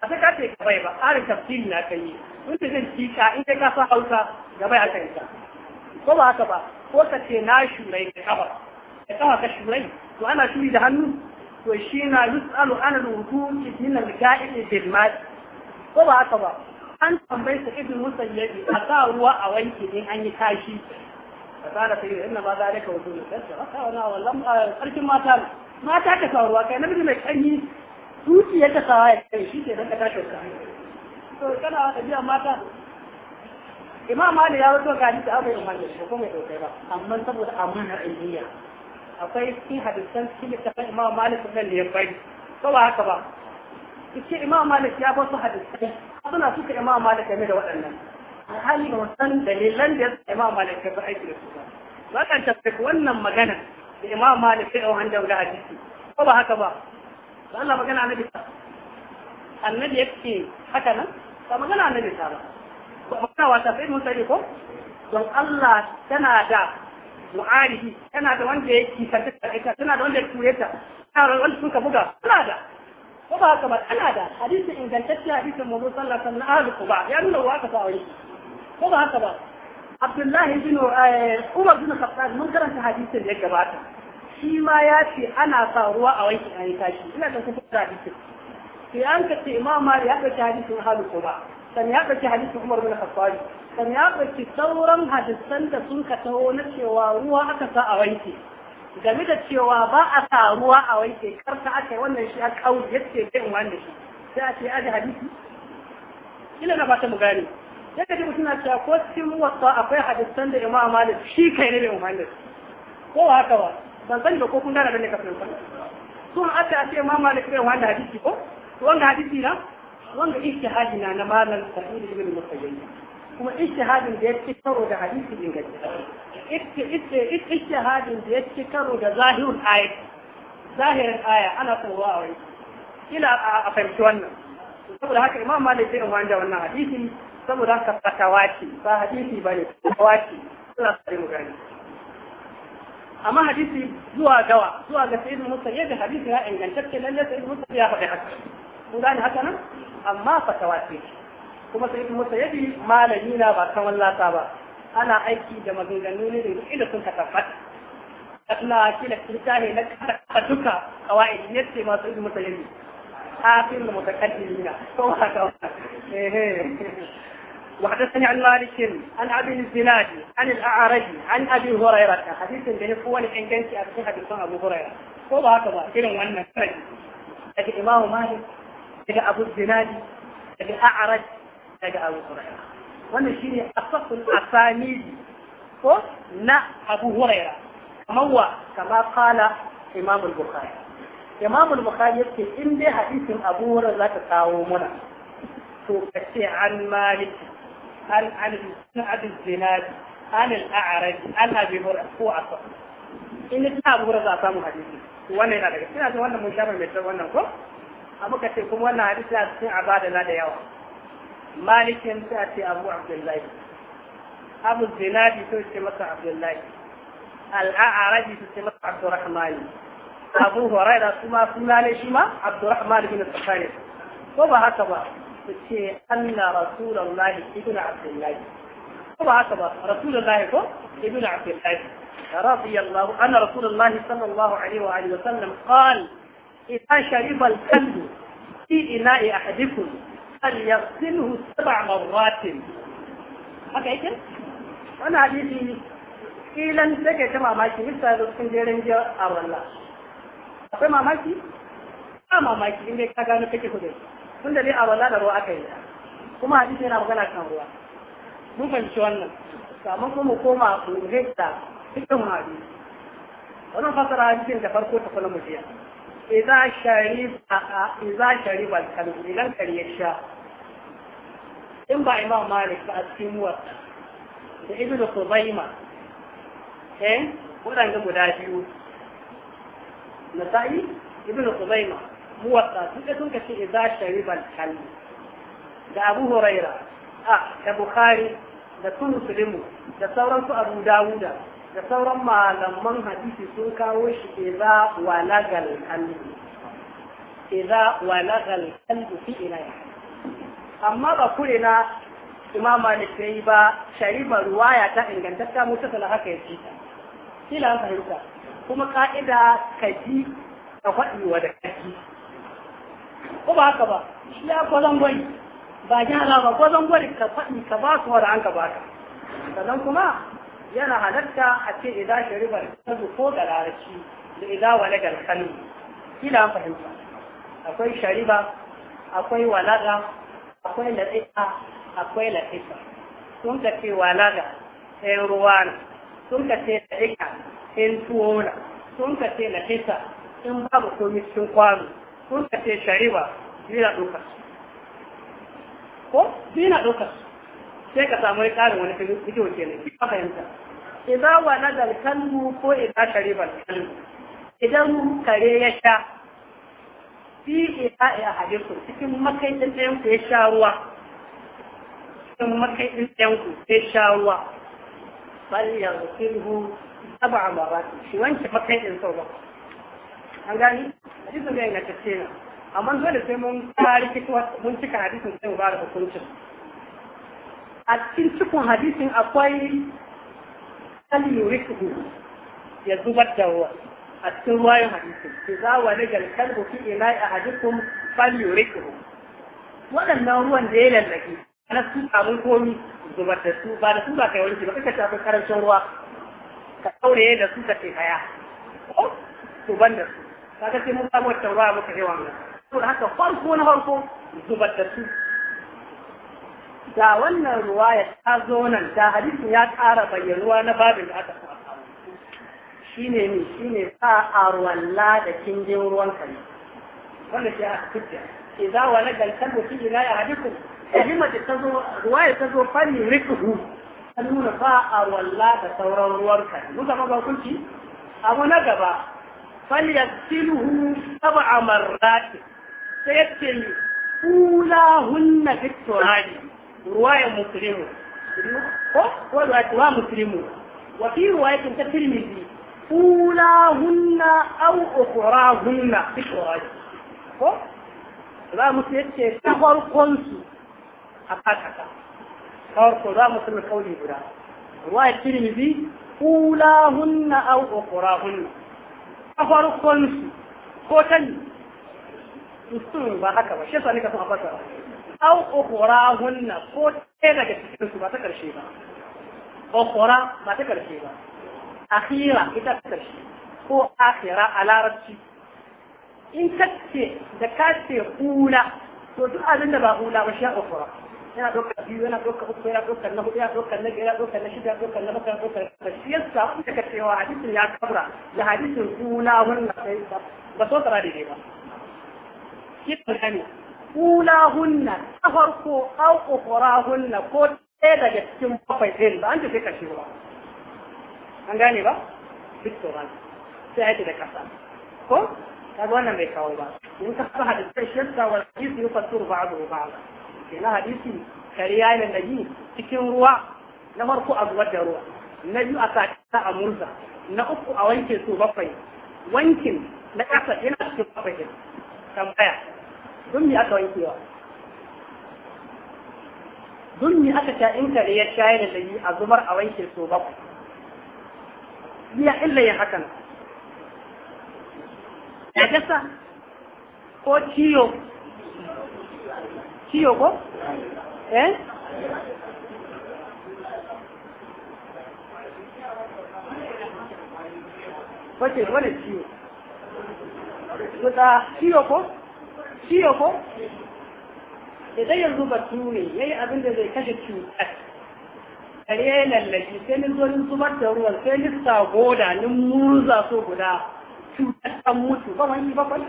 a sai ka ce ka bai ba tsarin tafsiri na ka yi in da zan ci ka in kai ka san hausa ga bai aka yi ka ko ba haka ba ko ka ce na shurai ka kafa ka kafa ka shurai to ana shuri da hannu to shi na yus'alu ana rubutu min al-ka'id bil ma'i ko ba haka ba an tambayi su ibn musayyabi a sa ruwa a wanke in an yi kashi فقال سيدي ka ذلك وجود الكسر فقال والله Mata ما تابع ما تاكسر وكان ابن مكاني zuciyar ta sawa ya kai shi ke zan ka tashi ka to kana tafiya mata imam mali ya wato gani ta abu imam da ko mai daukai ba amma saboda amana ilmiya akwai cikin hadisan cikin littafin imam malik nan da ya bari ko ba haka ba cikin imam malik ya ba su hadisai suna suka imam malik game da waɗannan alhali ba san dalilan da ya sa imam malik ya ba aiki da su ba ba kan tafi wannan magana da imam malik sai a wanda ga hadisi ko ba haka ba ba Allah magana annabi ta annabi yake haka nan ba magana annabi ta ba ba magana wata sai mun sani ko don Allah tana da mu'arihi tana da wanda yake kanta ita tana da wanda yake kureta tana da wanda suka buga tana da ko ba haka ba tana da hadisi ingantacce hadisin mu sallallahu alaihi wasallam ku ba ya nuna wa ta sa ko ba haka ba Abdullahi bin eh, Umar bin Khattab mun karanta hadisin da ya gabata shi ma ya ce ana sa ruwa a wanki a yanka shi ina da kuka da hadisin sai an ka ce imam mali ya ɗauki hadisin halu kuma sannan ya ɗauki hadisin umar bin khattabi sannan ya ɗauki sauran hadisan da sun ka taho na cewa ruwa aka sa a wanki game da cewa ba a sa ruwa a wanke karka aka yi wannan shi a kawo ya ce zai in wanda shi sai a ce aji hadisi ina na fata mu gane ya kaji mutum na cewa ko cikin wasa akwai hadisan da imam malik shi kai ne bai in wanda ko haka ba ban sani ba ko kun gana da ne kasan san to an aka ce ma malik bai wanda hadisi ko to wanda hadisi na wanda ijtihadi na na malam sa'id ibn musayyib kuma ijtihadin da ya ci karo da hadisi ingantacce ijtihadin da ya ci karo da zahirul ayat zahirin aya ana tsawa a wai ila a fahimci wannan saboda haka imam malik bai wanda wannan hadisi saboda haka fatawa ce ba hadisi bane fatawa ce Allah ya mu gani amma hadisi zuwa gawa zuwa ga sayyid yadda hadisi ya ingantacce lalle sayyid Musa ya faɗi haka kun gane haka nan amma fatawa ce kuma sayyid musayyib malami na ba kan wallata ba ana aiki da maganganu ne da duk inda sun ka tabbata Allah kila kitabe na ka duka kawai ne ce masu ilmu sayyid kafin mutakaddimin ko haka eh وحدثني عن مالك عن ابي الزناد عن الاعرج عن ابي هريره حديث به هو ان كان ابي حديث ابو هريره هو هكذا كلهم عن لكن امام مالك لقى ابو الزناد لقى اعرج لقى ابو هريره wannan shine asafin asanidi ko na abu huraira kamar wa kama kala imam al-bukhari imam al-bukhari yace in dai hadisin abu huraira zaka kawo muna to kace عن عن سعد الزناد عن الأعرج عن أبي هريرة هو أصح إن أبو هريرة أصام حديث وانا لا دقيقة كنا وانا مشابه مثل وانا كم أبو كتير كم وانا حديث لا تسمع عباد الله ديوا مالك يمتأتي أبو عبد الله أبو الزناد يسوي مثل عبد الله الأعرج يسوي مثل عبد الرحمن أبو هريرة ثم ثم عليه شما عبد الرحمن بن الصخير وبهكذا su ce anna rasulullahi ibnu abdullahi ko ba haka ba rasulullahi ko ibnu abdullahi radiyallahu anna rasulullahi sallallahu alaihi wa alihi wa sallam qala idza shariba al-kalbu fi ina'i ahadikum فليغسله سبع مرات haka yake wannan hadisi kilan take ta mamaki bisa da cikin jerin jiya a wallah akwai mamaki ba mamaki inda ka gano kake hudu tun da dai a walla da ruwa aka yi kuma hadisi yana magana kan ruwa mun fahimci wannan kamar kuma koma mu hidda cikin hadisi wannan fasara hadisin da farko ta kula mujiya idza shariba idza shariba kalbu idan kari ya sha in ba imam malik ba a cikin muwatta da ibnu qudaima eh wadanda guda biyu sa'i ibnu qudaima muwatta sun ka sun ka ce idza shariban kalbi da abu huraira a da bukhari da sun muslimu da sauran su abu dawuda da sauran malaman hadisi sun kawo shi idza walagal kalbi idza walagal kalbi fi ilaya amma ba kure na imam malik yayi ba shariba ruwaya ta ingantacciya mutasala haka yake kila an fahimta kuma ka'ida ji ka faɗi wa da kaji ko ba haka ba shi ya kwazon gwani ba gyara ba kwazon gwani ka faɗi ka ba su wanda an ka ka sannan kuma yana halatta a ce idan sharibar kazu ko da larabci da idan wale ga kanu kila an fahimta akwai shariba akwai walada akwai latsita akwai latsita sun ka ce walada sai ruwa na sun ka ce latsita tuwo na sun ka ce latsita in babu komai cikin kwano kun ka ce shariba yana ɗaukar su ko yana ɗaukar su sai ka samu ya ƙarin wani fito ke ne ka fahimta idan wala da ko idan shariba kalmu idan kare ya sha fi ila ya hadisu cikin makai ɗin ɗayan ku ya sha ruwa cikin makai ɗin ɗayan ku ya sha ruwa bal yanzu hu, sab'a marati shi wanke makai ɗin sau bakwai an gani hadisin zai ingantacce na. amma dole sai mun kari fitowar mun cika hadisin sai mu ba da hukuncin a cikin cikin hadisin akwai kalmurikuhu ya zubar da ruwa a cikin ruwayin hadisin ki za wa rigar kalbu fi ila a hadisin kalmurikuhu waɗannan ruwan da ya lallaki na su samu komi zubar da su ba da su ba kai wanki ba kaka tafi karancin ruwa ka ɗaure da su ka ce kaya ko su ban da su kaga sai mun samu tauraya muka yi wannan to haka farko na farko zubar da su da wannan ruwa ya ta zo nan da hadisin ya ƙara bayyanuwa na babin da aka fara Shi ne shi ne sa a arwalla da kinjin ruwan kai wanda ke a ke za wa gantar kalbu fi Ina ya hadikum kalimar da ta zo ruwa ya ta zo fani rikuhu ta nuna sa a arwalla da sauran ruwan kan mu zama abu na gaba falyaktiluhu saba a marrakin sai yake ne kula hunna fi turabi ruwayan muslimu ko ko da ruwa muslimu wa fi ruwayatin ta kula hunna aw ukhra hunna fi turabi ko ruwa muslimu yake ta farkon su a kakata farko ruwa muslimu kauli guda ruwayan tirmidhi kula hunna aw ukhra hunna farkon su ko ta ba haka ba shi sani ka sun afasa au ukura hunna ko ta daga cikin su ba ta karshe ba ukura ba ta karshe ba akhira ita ta karshe ko akhira a larabci in ce da ka ce hula to duk abin da ba hula ba shi ukhra yana ɗaukar biyu yana ɗaukar uku yana ɗaukar na hudu yana ɗaukar na biyar yana ɗaukar na shida yana ɗaukar na bakwai yana ɗaukar na takwas shi yasa kun ka cewa hadisin ya kabra da hadisin kula wannan sai ba so tsara daidai ba shi ta ne kula hunna ta farko au ukura hunna ko ɗaya daga cikin bakwai ɗin ba an ce sai kashe ba an gane ba duk sauran sai ake da kasa ko kaga wannan bai kawo ba in ka sa hadisin shi yasa wal hadisi yufassiru ba'dahu ba'dahu na hadisi kariya ne nabi cikin ruwa na farko a zubar da ruwa na biyu a sa a murza na uku a wanke su bakwai wankin na ƙasa yana cikin bakwai ɗin tambaya dun me aka wankewa dun me aka sha in kare ya shayar da nabi a zubar a wanke su bakwai ya illa ya hakan ya kasa ko ciyo ciwo ko eh wace wani ciwo kuta ciwo ko ciwo ko idan yanzu batu ne ya yi abin da zai kashe cutar kare lallashi sai ni zonin zubar da ruwan sai ni sago da ni murza so guda cutar an mutu ba wani ba kwai.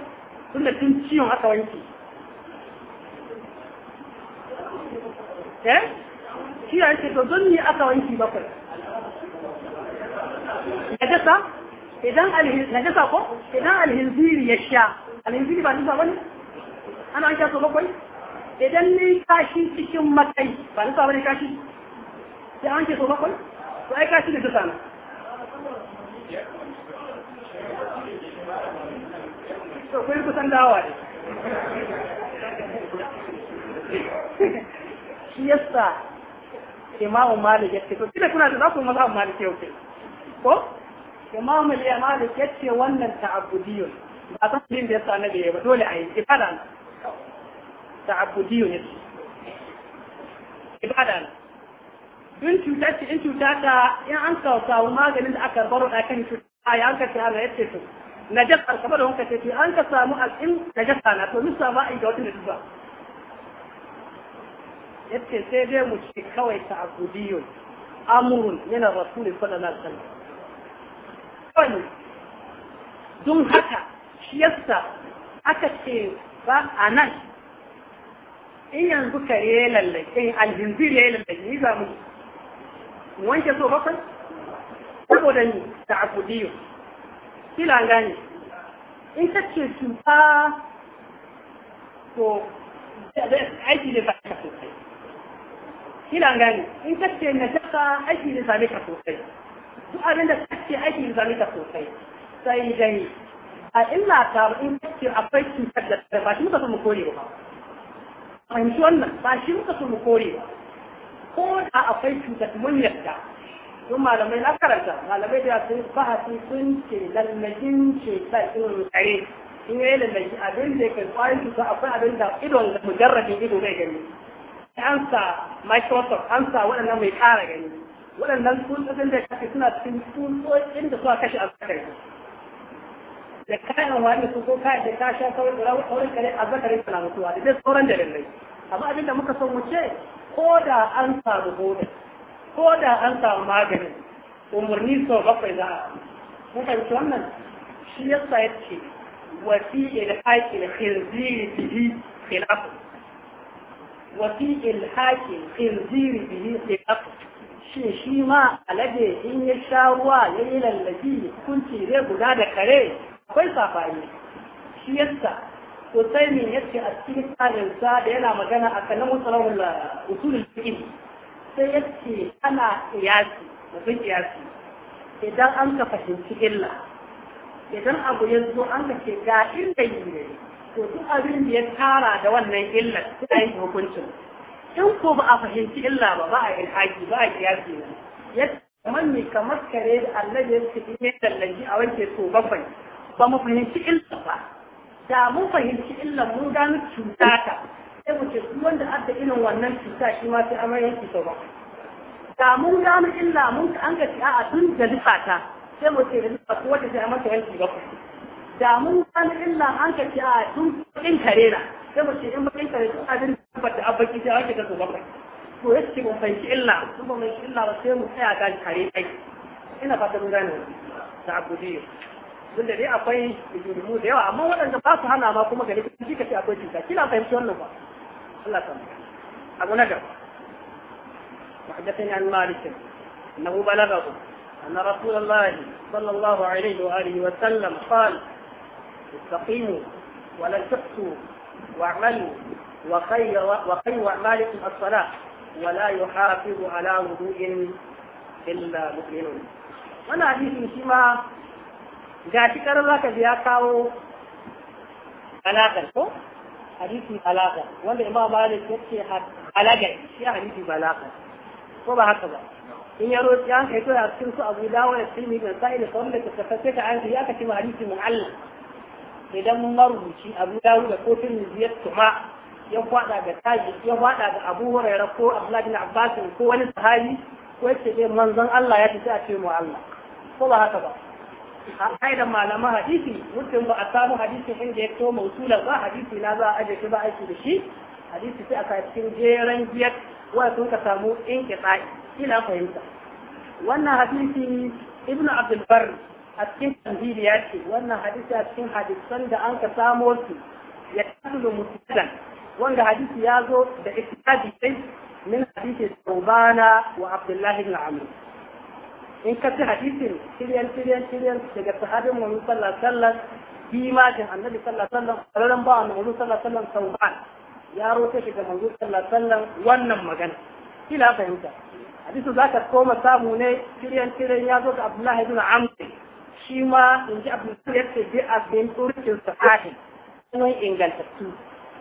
tun da tun ciwon aka wanke eh shi ya ce to don me aka wanki bakwai najasa idan alhin najasa ko idan alhinziri ya sha alhinziri ba nisa bane ana wanke so bakwai idan ni kashi cikin makai ba ba bane kashi ya an ke so bakwai to ai kashi da dusa na to kusan dawa ne shi yasa imamu malik ya ce to kina kuna da za ku mazhabu malik yau ke ko imamu malik ya ce wannan ta'abbudiyun ba san din da yasa annabi ya ba dole a yi ibada ta'abbudiyun ya ce ibada ne in cuta ce in cuta ta in an kawo maganin da aka baro da kan cuta a ya an ka ce ana yace to najasa kamar da wanka ce to an ka samu a in najasa na to musa ba a yi ga wata najasa yace sai dai mu ci kawai ta'budiyun amrun min yana rasul sallallahu alaihi wasallam kawai dun haka shi yasa aka ce ba a nan? in yanzu kare lalle in alhinzir yayi lalle ni za mu wanke so bakwai saboda ni ta'budiyun kila gani in kace cuta to aiki ne ba ka so kina gani in ka ce na shaka aiki da sami ka sosai duk abin da ka ce aiki da sami ka sosai sai dai a illa ta in ka ce akwai cutar da ba shi muka so mu kore ba fahimci wannan ba shi muka so mu kore ba ko da akwai cutar mun yadda. don malamai na karanta malamai da sun bahasi sun ce lallajin ce ta irin kare in yayi lallaji abin da ya kai kwayan cuta akwai abin da idon mujarrabin ido zai gani an sa Microsoft an sa waɗannan mai ƙara gani waɗannan tsuntsun da kake suna cikin tsuntsun da suka kashe azzakari da kayan wani su ko kayan da ka sha sauran da sauran kare azzakari suna mutuwa da dai sauran da rinrai. amma abinda muka son mu ce ko da an samu hoda ko da an samu maganin umarni sau bakwai za a mun fahimci wannan shi yasa ya ce wasiƙe da haƙƙin khirziri bihi khilafu وفي الحاج الخنزير به خلاف shi shi ma alade in ya sha ruwa ya yi lallabi kunci cire guda da kare akwai safari shi yasa sosai min yace a cikin tsarinsa da yana magana a kanan musulun usulun cikin sai yake ana iyasi mutum iyasi idan an ka fahimci illa idan abu ya zo an ka ce ga inda yi ne to duk abin da ya tara da wannan illar sai yi hukuncin in ko ba a fahimci illa ba ba a ilhaki ba a kiyasi ne ya kamar ne kamar kare da annabi ya ce ne tallaji a wanke to bakwai ba mu fahimci illa ba da mun fahimci illa mu gano cuta ta sai mu ce duk wanda adda irin wannan cuta shi ma sai amar yanki to ba da mun gano illa mun ka an ga a'a tun da lifata sai mu ce da lifata wata sai amar yanki bakwai da mun san illa an ka ci a tun bakin kare na sai mu ce in bakin kare tun abin tabbat da abbaki sai ake kaso bakwai to ya ce mun fahimci illa tun ba mun illa ba sai mu tsaya kan kare ai ina fata mun gane da abudiyo tun da dai akwai jurmu da yawa amma waɗanda ba su hana ma kuma gari kuma kika ce akwai cuta kina fahimci wannan ba Allah ta abu na gaba وحدثني عن مالك انه بلغه ان رسول الله صلى الله عليه واله وسلم قال استقيموا ولا تقتوا واعملوا وخير اعمالكم الصلاه ولا يحافظ على وضوء الا المؤمنون. وانا حديث شما جاتي كرر لك يا كاو علاقه حديث علاقه وانا مالك يبكي علاقه يا حديث بلاقه وما هكذا إن يروي يعني كان حيث أبو داود الترمذي من سائل قومك تفسرت عن رياك معلم idan marubuci abu dawo ko kofin niziyar tuma ya fada ga taji ya fada ga abu huraira ko abdullahi bin abbas ko wani sahabi ko yace dai manzon Allah ya tafi a ce mu Allah ko ba haka ba a da malaman hadisi mutum ba a samu hadisin inda ya to mausula ba hadisi na za a aje shi ba aiki da shi hadisi sai aka cikin jeran giyar wanda sun ka samu in ina fahimta wannan hadisi ibnu abdul barr a cikin tanzili ya ce wannan hadisi a cikin hadisan da an ka samo su ya tasu musulman wanda hadisi ya zo da isnadi sai min hadisi Saubana wa Abdullahi bin Amr in ka ci hadisin shiryan shiryan shiryan daga sahabin mu sallallahu alaihi wasallam bi ma jin annabi sallallahu alaihi wasallam kararan ba annabi sallallahu alaihi wasallam Sauban ya roƙe shi ga manzo sallallahu alaihi wasallam wannan magana kila fahimta hadisu zaka koma samu ne shiryan shiryan ya zo da Abdullahi bin Amr shi ma in ji abu ya ce bi a bin turkin sahihi sunan ingantattu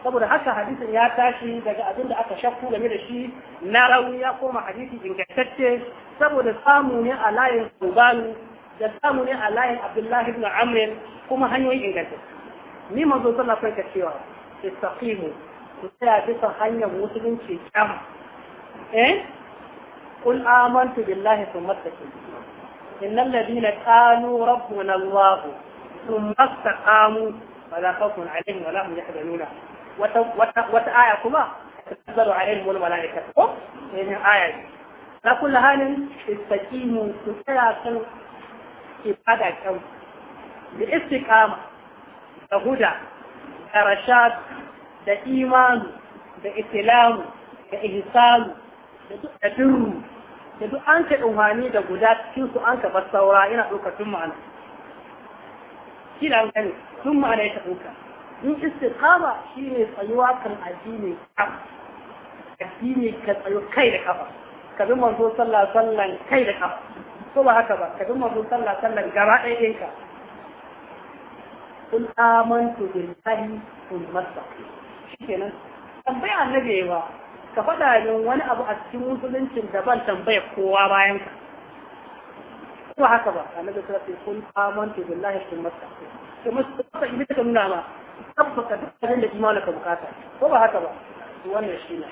saboda haka hadisin ya tashi daga abin da aka shakku game da shi na rauni ya koma hadisi ingantacce saboda samu ne a layin Subanu da samu ne a layin Abdullahi ibn Amr kuma hanyoyin ingantattu ni manzo sallallahu alaihi wasallam cewa istaqimu ku tsaya bisa hanyar musulunci kyam eh قل آمنت بالله ثم إن الذين قالوا ربنا الله ثم استقاموا فلا خوف عليهم ولا هم يحزنون وتآية كما تنزل عليهم الملائكة إنها آية لكل هان استقيموا كفاية كانوا إبادة كانوا باستقامة بهدى برشاد بإيمان بإسلام بإحسان بدر da duk an ka ɗunhani da guda cikin su an ka bar saura yana ɗaukar tun ma'ana shi da an gani tun ma'ana ya ɗauka in istiqama shi ne tsayuwa kan addini addini ka tsayo kai da kafa ka bi manzo sallah sallan kai da kafa ko ba haka ba ka bi manzo sallah sallan gaba ɗaya ka kun amantu billahi kun masa shikenan tambaya annabi yayi ba ka faɗa min wani abu a cikin musuluncin da ban tambaya kowa bayan ka ba haka ba annabi sallallahu alaihi wasallam kun amantu billahi thumma taqul to mustafa da ka nuna ma tabbata da abin da imani ka bukata ko ba haka ba wannan shi ne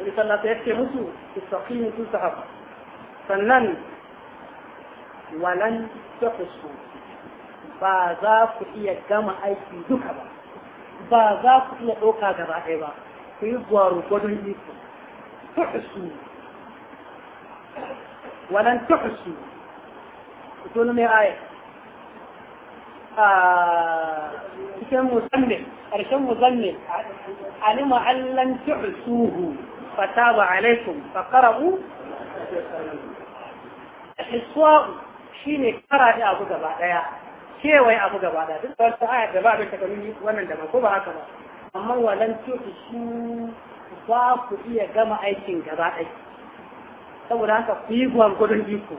annabi sallallahu alaihi wasallam ya ce musu istaqimu tu sahaba sannan walan tafsu ba za ku iya gama aiki duka ba ba za ku iya ɗauka gaba ɗaya ba ku yi gwargwadon iko tuhusu walan tuhusu tun mai aya ah, a cikin musamman ƙarshen musamman alima allan abu فتاب عليكم فقرأوا الحسواء شيني قرأ أبو جبادة شيوي أبو جبادة تقول سآية جبابة ko ba haka هكذا amma walan tuɗi shi ba ku iya gama aikin gaba ɗai saboda haka ku yi gwargwadon iko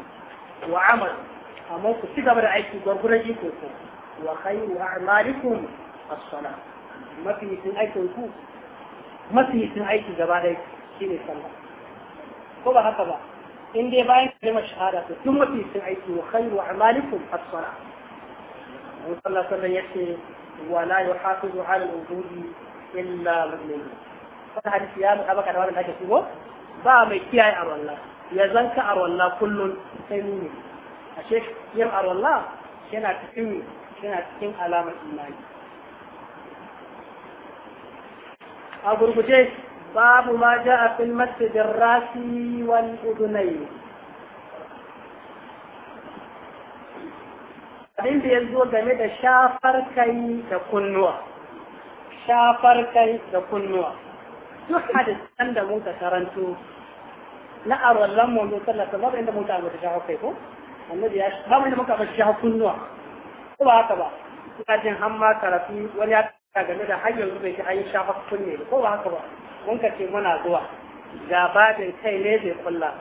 wa amal amma ku ci gaba da aiki gwargwadon iko ku wa khairu a'malikum as mafi yitin aikin ku mafi aiki gaba ɗai shine sallah ko ba haka ba in dai bayan kalmar shahada to duk mafi aiki wa Allah yace ولا يحافظ على الوجود إلا مؤمن فهذا حديث يا من أبكى دوانا لك سيبو با مي كياي أرو الله يزنك أرو الله كل سنين الشيخ يم أرو الله شنا تكين شنا تكين علامة إيمان أبو رجيش باب ما جاء في المسجد الراسي والأذنين abin da ya zo game da shafar kai da kunnuwa shafar kai da kunnuwa duk hadisan da mun ka karanto na arwallan mu zo sallata ba inda mun ta shafar kai ko annabi ya ba mu inda muka ambata shafar kunnuwa ko ba haka ba ina jin har ma karafi wani ya ta game da har yanzu bai ji an yi shafar kunne ko ba haka ba mun ka ce muna zuwa ga babin kai ne zai kulla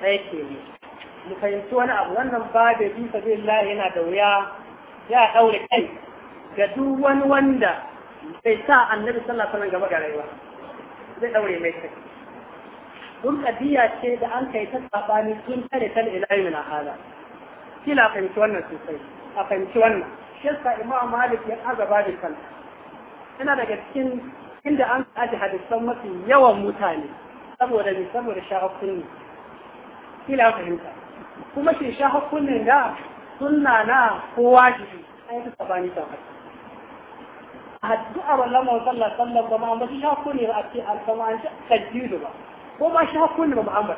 sai ke ne mu fahimci wani abu wannan ba da bi sabilillah yana da wuya ya daure kai ga duk wani wanda bai sa annabi sallallahu alaihi wasallam gaba ga rayuwa zai daure mai kai dun kadiya ce da an kai ta tsabani tun kare kan ilahi na hala kila fahimci wannan sosai a fahimci wannan shi yasa imam malik ya azaba babu kansa ina daga cikin inda an aji hadisan mafi yawan mutane saboda ni saboda sha'afin ne kila fahimta kuma shi sha hukunin da suna na kowa jiki an yi sabani ta haka addu'a wallan mu sallallahu alaihi wasallam ba ma shi hukumi ba a ce an kama an tajjidu ba ko ma shi hukumi ba ta ba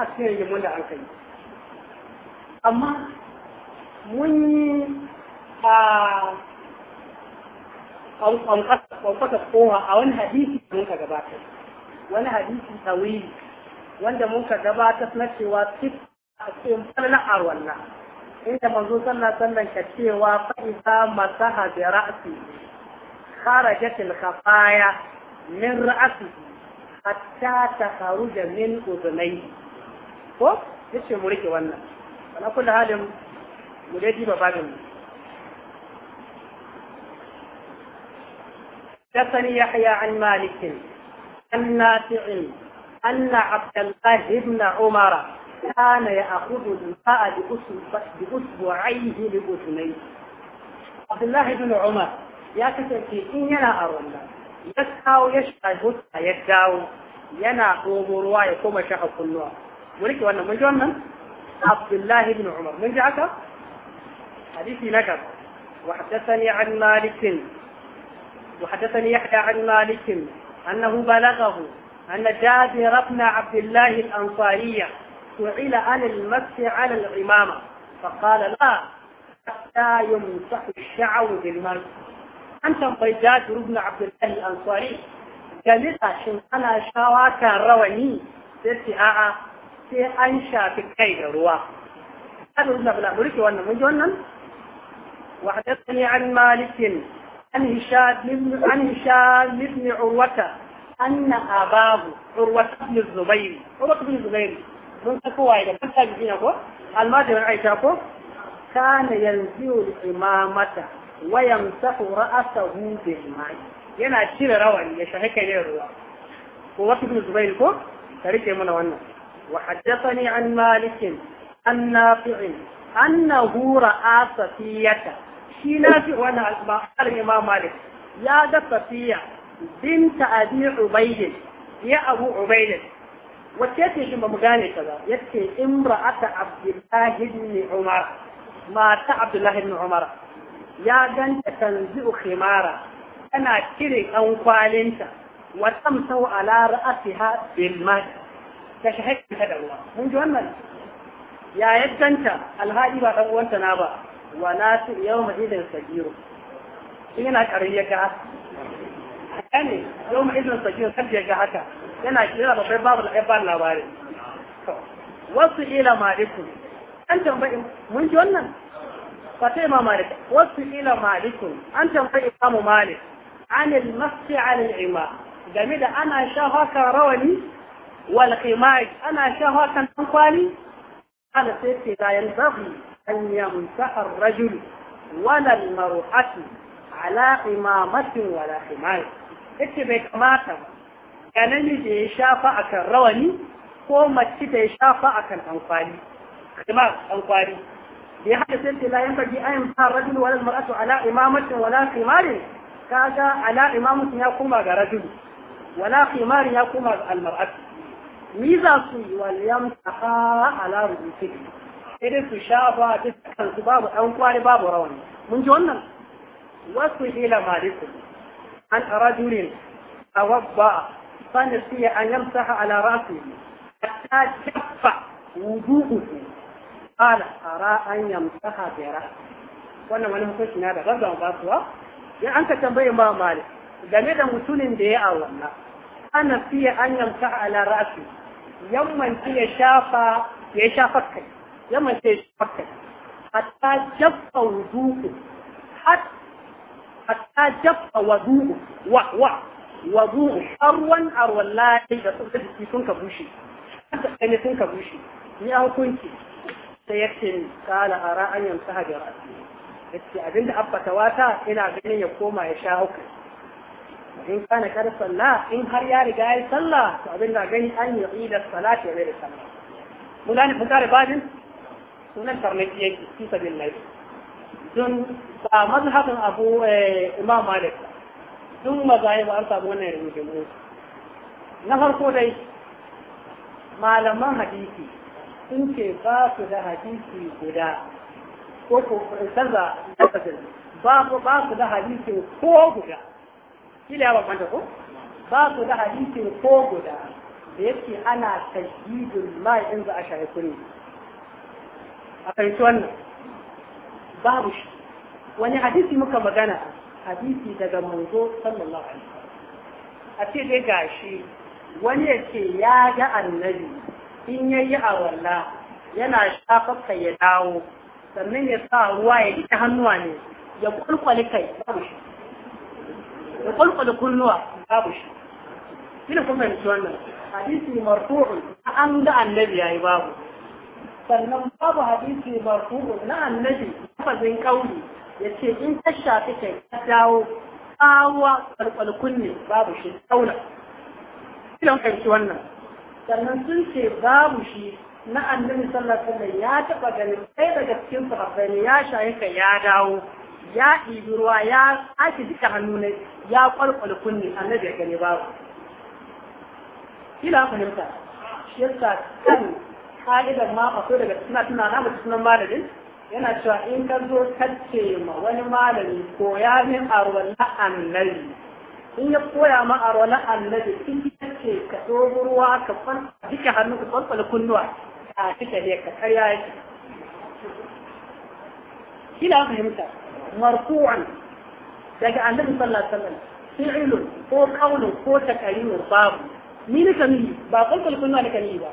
a cikin yin da an kai amma mun yi a kwankwata kowa a wani hadisi da ka gabata wani hadisi tawili wanda mun ka gabatar na cewa tif a cikin falala arwalla inda manzo sallallahu sallan ka cewa fa idza masaha bi ra'si kharajat al khafaya min ra'si hatta takharuja min udunai ko yace mu rike wannan ana kullu halin mu dai diba babin حدثني يحيى عن مالك عن نافع أن عبد الله بن عمر كان يأخذ الماء بأسبوعيه لأذنيه عبد الله بن عمر يا كتبتي إن ينا أرون يسعو يشقى هدى يدعو ينا أمور ويقوم شاق كلها ولكن وانا من جوانا عبد الله بن عمر من جعك حديثي لك وحدثني عن مالك وحدثني يحيى عن مالك أنه بلغه أن جابر بن عبد الله الأنصاري سئل عن المسح على العمامة فقال لا حتى يمسح الشعو بالمرء أنت مقيد جابر بن عبد الله الأنصاري قال لك شن أنا شواك رواني سيرتها في أنشا في كيد رواه قالوا ابن بلا مريك من مجونن وحدثني عن مالك عن هشام بن عن هشام بن عروه أن أباه عروة بن الزبير عروة بن الزبير من تكوى إذا كنت تجدينه الماضي من عيشاكو كان ينزع الإمامة ويمسح رأسه بالماء yana cire rawani ya shahi kai ne ruwa ko wasu bin zubair ko ta rike mana wannan wa haddathani an malikin an nafi'in annahu ra'a safiyata shi nafi wannan ya binta abi ubayd ya abu ubayd wacce ce shi ba mu gane ta ba yace imra'ata abdullahi ibn umar mata abdullahi ibn umar ya ganta tanzi'u khimara tana cire dan kwalinta wa tamsau ala ra'atiha bil ma ta shahidta da ruwa mun ji wannan ya yaddanta alhaji ba dan uwanta na ba wa nasu yawma idan sagiru shi yana kariyaka ne yau mai izinin sakin ya ga haka yana kira sai babu da ba labari wasu ila malikun an tambayi mun ji wannan ta imam malik wasu ila malikun an tambayi imam malik an al-masjid al-ima game da ana sha haka rawani wal qimai ana sha haka kwali ana sai ce yan zafi an yamsaha ar-rajul wala al-mar'atu ala imamatin wala qimai yake bai kamata ba ga namiji ya shafa a kan rawani ko mace ta ya shafa a kan amfani kuma Da ya haɗa sai la yan bagi ayin sa rajul wal mar'atu ala imamatin wala qimarin kaga ala imamatin ya koma ga rajul wala qimarin ya koma ga al mar'atu ni za su yi wal yamtaha ala rubutik sai dai su shafa dukkan su babu dan kwari babu rawani mun ji wannan wasu ila malikum عن رجل توضأ فنسي أن يمسح على رأسه حتى جف وجوده قال أرى أن يمسح برأسه wannan wani hukunci na daban da ba suwa an ka tambaye game da mutumin da ya a wannan ana fiye an yamsa ala ra'si yammanci ya shafa ya shafa kai yammanci ya shafa kai hatta jabba wuduku hatta hatta jaffa wadu'u wa wa wadu'u arwan arwallahi da tsotsa jiki sun ka bushe haka kai sun ka bushe ni an kunci sai yace kana ara an yamsa hajar yace abinda abba tawata ina ganin ya koma ya sha hauka in kana kada sallah in har ya riga ya sallah to abinda gani an yi da salati ya bai da sallah mun gane mun babin sunan tarnaki yake fi sabilillah don ba mazhabin abu eh, imam malik sun mazaye ba an samu wannan rubutun musu na farko dai malaman hadisi sun ce ba su da hadisi guda ko ko sarza ba su ba su da hadisi ko guda kila ba manta ko ba su da hadisi ko guda da yake ana tajjidul mai in za a shahi kuni a kai wannan babu shi wani hadisi muka magana hadisi daga manzo sallallahu alaihi a ce dai gashi wani ya ce ya ga annabi in ya yi walla, yana shafafa ya dawo sannan ya sa ruwa ya ita hannuwa ne ya kwalkwale kai babu shi ya kwalkwale kunnuwa babu shi ina kuma yanzu wannan hadisi marfu'un an ga annabi yayi babu sannan babu hadisi marfu'u na annabi lafazin kauli ce in ta shafi kai ta dawo kawuwa kwalkwal kunne babu shi kaula kilan kanki wannan sannan sun ce babu shi na annabi sallallahu alaihi ya taba ganin sai daga cikin sahabbai ne ya shafi kai ya dawo ya ɗibi ruwa ya ake duka hannu ne ya kwalkwal kunne annabi ya gani babu ila fahimta shi yasa kan ka'idar ma akwai daga suna tuna na mutu sunan malamin yana cewa in ka zo kacce ma wani malami koya min arwala annabi in ya koya ma arwala annabi in ki kacce ka dogo ruwa ka farfa duka hannu ka farfa kunnuwa a cike ne ka karya yake na fahimta marfu'an daga annabi sallallahu alaihi wasallam ko qaulun ko takarimun babu ni ne kan yi ba farfa kunnuwa ne kan ba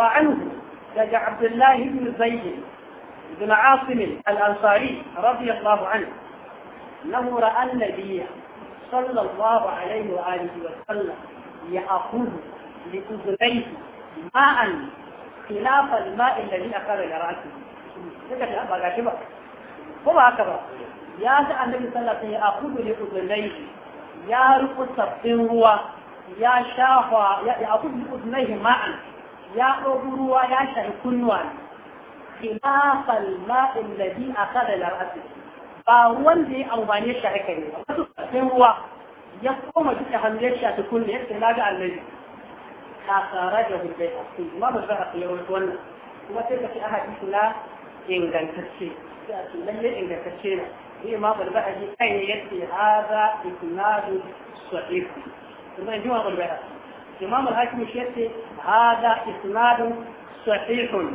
وعنه لدى عبد الله بن زيد بن عاصم الأنصاري رضي الله عنه أنه رأى النبي صلى الله عليه وآله وسلم يأخذ لأذنيه ماء خلاف الماء الذي أخذ لرأسه كده أبا غاشبة هو هكذا يا النبي صلى الله عليه وسلم يأخذ لأذنيه يا رب صفين هو يا شافا يأخذ لأذنيه ماء ya ɗogu ruwa ya shari kunnuwa khilafal ma'in ladhi akhadha al-ra'si ba ruwan da ya amfani shi haka ne wasu sai ruwa ya koma duka hannu ya shafi kunne ya ce na ga annabi ka tsara da hujjai a cikin kuma ba za a fiye wasu wannan kuma sai ka ce a hadisi na ingantacce sai a ce lalle ingantacce na sai ma ba za a ji kai ne ya ce hada isnadu sahihi kuma in ji ma ba za a imam al-hakim shi yace hada isnadun sahihun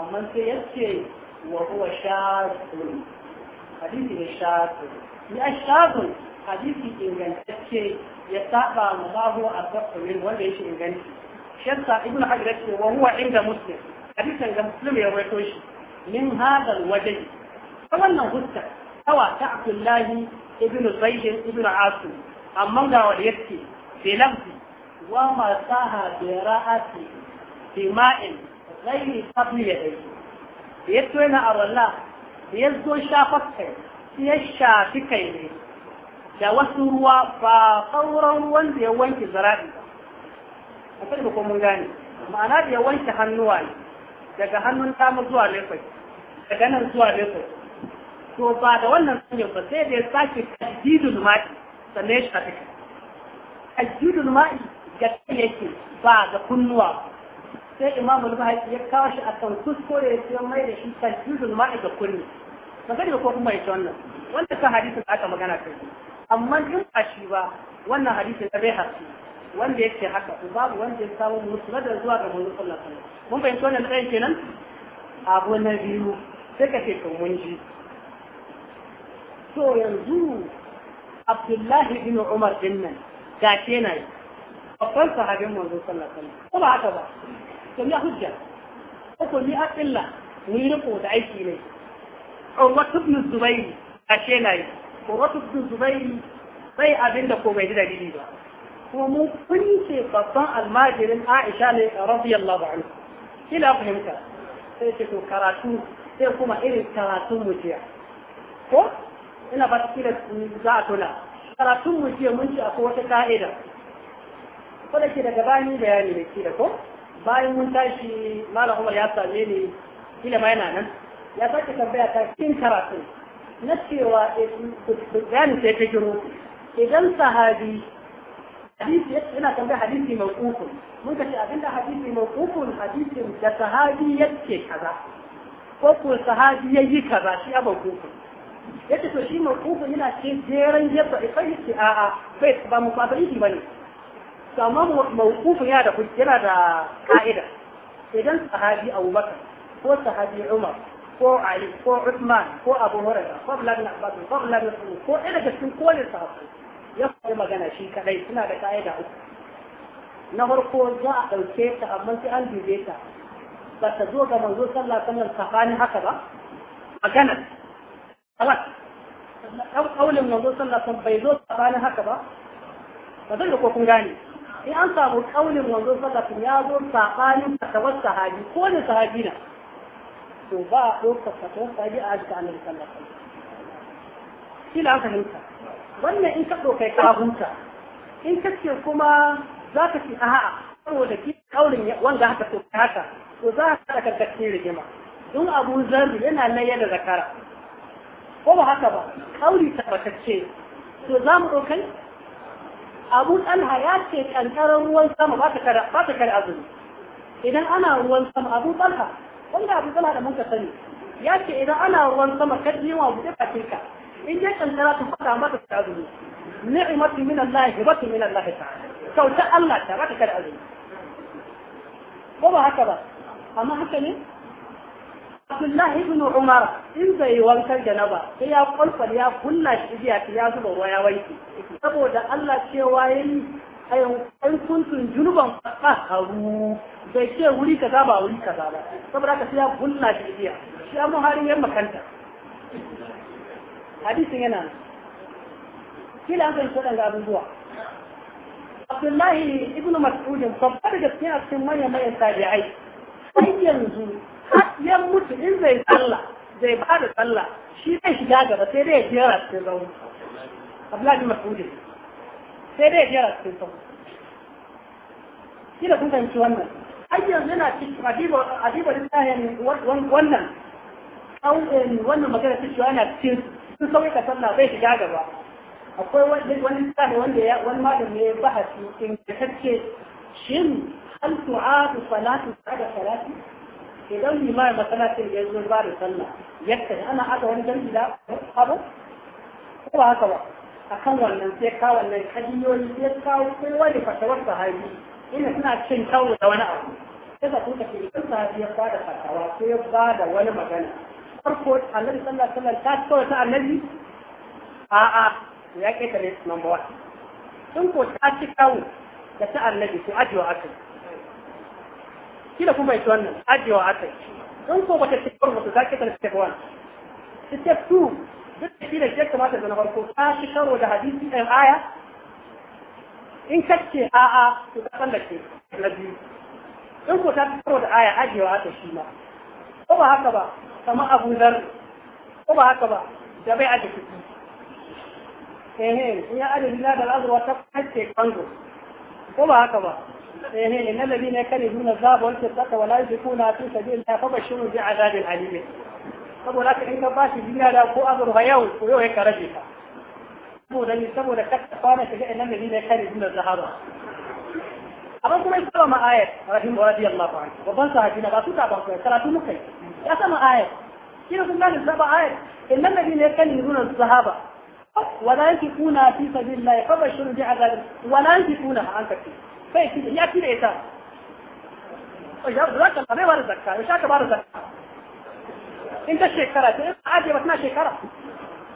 amma sai yace wa huwa shadun hadisi ne shadun ni ashadun hadisi ingantacce ya saba mazahu a sabbin wanda yake inganci shadda ibnu hajar yace wa huwa inda muslim hadisan ga muslim ya rawaito shi min hada al-wajhi wannan hujja tawa ta abdullahi ibnu ibnu asim amma ga wanda ومسح برأسه بماء غير قبل يديه يتوين أولا يزو شافتك يشافك إليه da wasu ruwa ba ƙauran ruwan da ya wanke zara'i ba a kai da mun gane ma'ana da ya wanke hannuwa ne daga hannun dama zuwa lefai daga nan zuwa lefai to ba da wannan sunyin ba sai da ya sake tajidul ma'i sannan ya shafi tajidul ma'i ga yake ba ga kunnuwa sai imamu al-bahaqi ya kawo shi akan kuskure ya ce mai da shi tajjudul ma'i ga kunni ba sai ko kuma ya ce wannan wanda ka hadisin aka magana kai amma in ba shi ba wannan hadisin da bai hasu wanda yake haka babu wanda ya samu da zuwa ga manzon sallallahu alaihi wasallam mun fahimci wannan ɗayan kenan abu na biyu sai ka ce kan mun ji to yanzu Abdullahi bin Umar din nan ga kenan babban sahabin manzo sallallahu alaihi wasallam ko ba haka ba to ni hujja ko ni aqilla ni riko da aiki ne Urwat ibn Zubayr ashe nayi Urwat ibn Zubayr sai abinda ko bai ji dalili ba kuma mun kunce babban almajirin Aisha ne radiyallahu anha kila fahimta sai ce to karatu sai kuma irin karatun mutiya ko ina ba kila za a tuna karatun mutiya mun ci akwai wata ka'ida ko da ke daga bani bayani da ke da ko bayan mun tashi malam umar ya same ni kila ma yana nan ya sake tambaya ta cikin karatu na cewa eh, bayanin sai ta kiro idan sahabi hadisi yana tambaya hadisi mawqufun mun kace abinda hadisi mawqufun hadisin da sahabi yake kaza ko ko sahabi yayi kaza shi abu mawqufun yace to shi mai mawqufun yana cikin jeran yadda ifa yake a'a bai ba mu ba ne amma mawqufin yana da yana da ka'ida idan sahabi Abubakar ko sahabi Umar ko Ali ko Uthman ko Abu Hurairah ko Abdullah bin Abbas ko Abdullah bin ko ɗaya da cikin kowane sahabbai ya faɗi magana shi kadai suna da ka'ida uku na farko za a ɗauke ta amma sai an dube ta ba ta zo ga manzo sallah sallar tsakanin haka ba magana kawai ɗan ƙaunin manzo sallah bai zo tsakanin haka ba ba zan da ko kun gane in an samu kaulin wanzu salafin ya zo sabanin fatawar sahabi ko ne sahabi na to ba a ɗaukar fatawar sahabi a ajiyar annabi sallallahu alaihi wasallam shi an fahimta wannan in ka ɗaukai ka huta in ka ce kuma za ka ce a'a saboda ki kaulin wanda haka to haka to za ka kada karkashin rigima don abu zarri yana nan yana zakara ko ba haka ba kauli tabbatacce to za mu ɗaukai abu talha ya ce kankarar ruwan sama ba ta kare azumi idan ana ruwan sama abu talha wanda abu talha da muka sani ya ce idan ana ruwan sama ka ji wa buɗe bakin ka in je kankara ta fada ba ta kare azumi ni'matu min Allah hibatu min Allah ta'ala kautar Allah ta ba ta kare azumi ko ba haka ba amma haka ne Abdullahi ibn Umar in bai wankar janaba sai ya kulfal ya kunna shi ya ya zuba ruwa ya wanke saboda Allah cewa yayi ayan an kuntun junuban haru, bai ce wuri kaza ba wuri kaza ba saboda haka sai ya kunna shi ya shi amma har yayin makanta hadisin yana kila an dan waɗanda zuwa. Abdullahi ibn Mas'ud babbar gaskiya cikin manyan manyan tabi'ai sai yanzu ya mutu in zai sallah zai ba da sallah shi zai shiga gaba sai dai ya jera cikin zaune abdullahi masudi sai dai ya jera cikin zaune shi da kun fahimci wannan ai yanzu yana cikin adiba lillahin wannan eh, wannan magana cikin cewa yana cikin sun sauyi ka sallah zai shiga gaba akwai wani littafi wanda ya wani malami ya bahasi in ka ce shin hal tu'atu salatu ba'da salati idan limamin masanacin ya zo ba da sallah yadda ana aka wani dangi da abu ko ba haka ba a kan wannan sai ka wannan kadiyoyi sai kawo kowa da fatawar sahabi ina suna cin kawo da wani abu sai ka kuka ce idan sahabi ya bada fatawa ko ya ba da wani magana farko annabi sallallahu sallah wasallam ta kawo ta annabi a'a ya kai ta ne number 1 sun ko ta ci kawo da ta annabi ko ajiwa akai kila kuma bai wannan ajewa aka yi don ko bata ce farko ta kake ta step 1 step 2 duk da kila ya kamata da na farko ka shi karo da hadisi ɗan aya in kace a a to ka san da ke na biyu in ko ta karo da aya ajewa aka shi ma ko ba haka ba kamar Abu Dhar ko ba haka ba da bai aje kuɗi eh eh in ya aje bilal da azwa ta kace kango ko ba haka ba إيه، إيه، إن الذين يكرهون الذهب والفضة ولا يدركون في سبيلها فبشروا بعذاب أليم. فبولا كأن الله في الدنيا لو هو أمرها يوم ويوم هيك رجلها. فبولا يسمون كتب قانا شجاء إن الذين يكرهون الذهب. أبو سلمة يسوى ما آية رحمه رضي الله عنه. وبن صاحبنا بسوطة بن صاحبنا سلاة مكي. يا سما آية. كيف سمعنا الذهب آية؟ إن الذين يكرهون الذهب ولا يدركون في سبيل الله فبشروا بعذاب ولا يدركونها أنت كيف. sai ki ya ci da ita ya zaka ba ba zakka ya shaka ba da zakka in ta shekara ta in ajiye ba tana shekara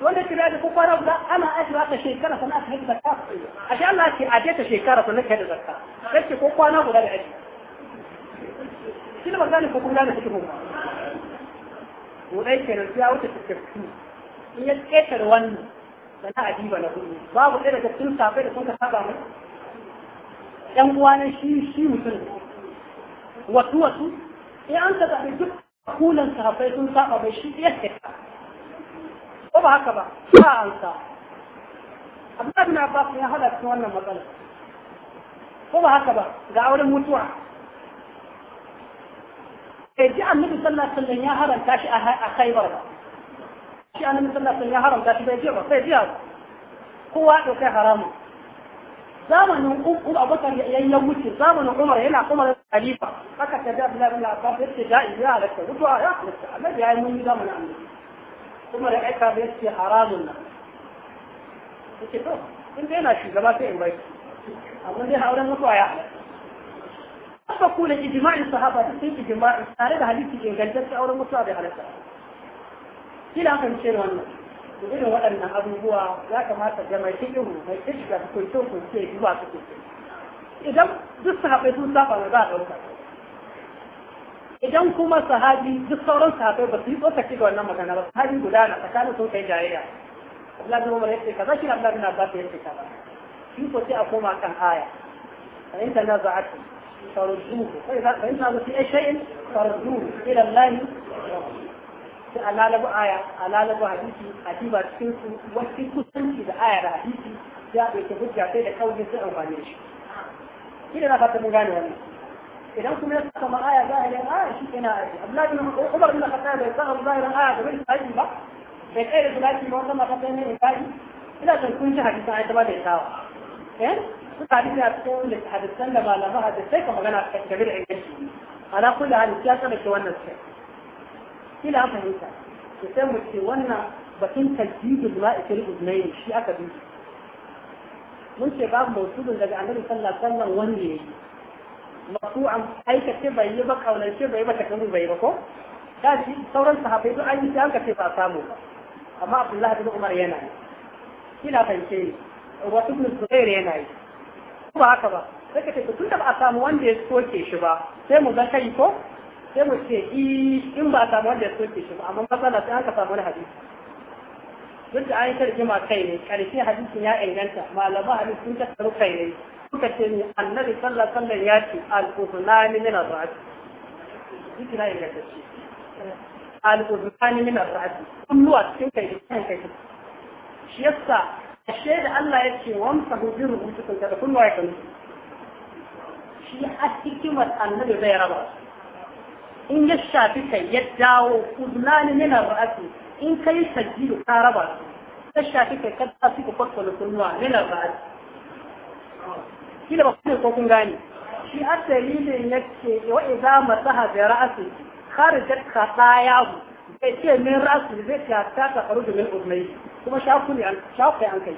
wanda ki da ku fara da ana aje ba ta shekara sannan aka haɗa zakka a shi Allah ke aje ta shekara sannan ka haɗa zakka sai ki ko kwana guda da aje kina ba gane ko kuma da kike mu gudai kenan ya wuce tafafi in ya ƙetar wannan sana ba na hudu babu ɗaya daga cikin safai da sun ka saba mai yan uwa na shi shi mutum wasu wasu in an ka zaɓi duk kulan sahabbai sun saba bai shi ya ka ko ba haka ba ba an sa Abdullahi bin Abbas ya hada cikin wannan matsala ko ba haka ba ga auren mutuwa bai ji annabi sallallahu alaihi ya haramta shi a Khaibar ba shi annabi sallallahu alaihi ya haramta shi bai ji ba sai ji kowa haramun zamanin uku abubakar yayin ya wuce zamanin umar yana umar khalifa haka ta da bilal bin abbas yace da ina halatta rubuwa ya halatta annabi yayi mun zamanin annabi kuma da aika bai ce haramun nan yace to in dai na shugaba sai in bai amma dai hauren mutuwa ya halatta haka kula ijma'in sahaba da sun ijma'i tare da hadisi ingantacce auren mutuwa bai halatta kila kan ce wannan to irin waɗannan abubuwa ya kamata ga mai ihu mai shiga hukunce hukunce zuwa su idan duk sahabbai sun saba ba za a ɗauka idan kuma sahabi duk sauran sahabbai ba su yi tsokaci ga wannan magana ba sahabi guda na tsakanin sun kai jayayya Abdullahi bin Umar ya ce kaza shi Abdullahi bin Abbas ya ce kaza shi ko sai a koma kan aya fa in tanaza'atu farudduhu fa in tanaza'atu fi shay'in farudduhu ila Allah sai a aya a hadisi a diba cikin su wasu kusanci da aya da hadisi sai a ɗauki hujja sai da kaujin sai amfani shi na fata mun gane wannan idan kuma ya saka ma aya zahirin aya shi ina aji abdullahi bin umar bin khattab bai saka zahirin aya da bai saki ba bai kai da zulaki ba wannan makasai ne in kai ina son kun shi aya ta ba da yawa eh suka hadisi a cikin hadisan da malaman hadisai ka magana game da inganci ala kulli hadisi ya tsara da wannan sai kila an fahimta to sai mu ce wannan batun tajjidul ma'i fil uznayn shi aka bi mun ce babu mawsulun daga annabi sallallahu alaihi wasallam wanda yayi masu'an aikace bai yi ba ce bai yi ba takaru bai yi ba ko da shi sauran sahabbai duk an yi sai an ce ba samu ba amma abdullahi bin umar yana yi kila fahimce ni wasu ibn zubair yana yi ba haka ba sai ka ce tun da ba a samu wanda ya soke shi ba sai mu ga kai ko sai mu ce in ba a samu wanda ya soke shi ba amma matsala sai aka samu wani hadisi duk da an yi tarjima kai ne karshe hadisin ya inganta malama hadisi sun tattaru kai ne suka ce ni annabi sallallahu alaihi wasallam ya ce al-usunani min ar-ra'd duk na inganta shi al-usunani min ar-ra'd kulluwa cikin kai cikin kai shi yasa ashe da Allah ya ce wamsa hu bi rubutu kun ta kulluwa ya kan shi a cikin annabi zai raba إن يشافك يدعو فضلان من الرأس إن يسجل كاربا يشافك كدافك فصل كنوع من الرأس كلا بقول لكم غاني في أسليل يكي وإذا مرتها برأس خارجت خطايا بيتي من رأس بيتي أتاك خروج من أذني ثم شافني عن شافي عن كي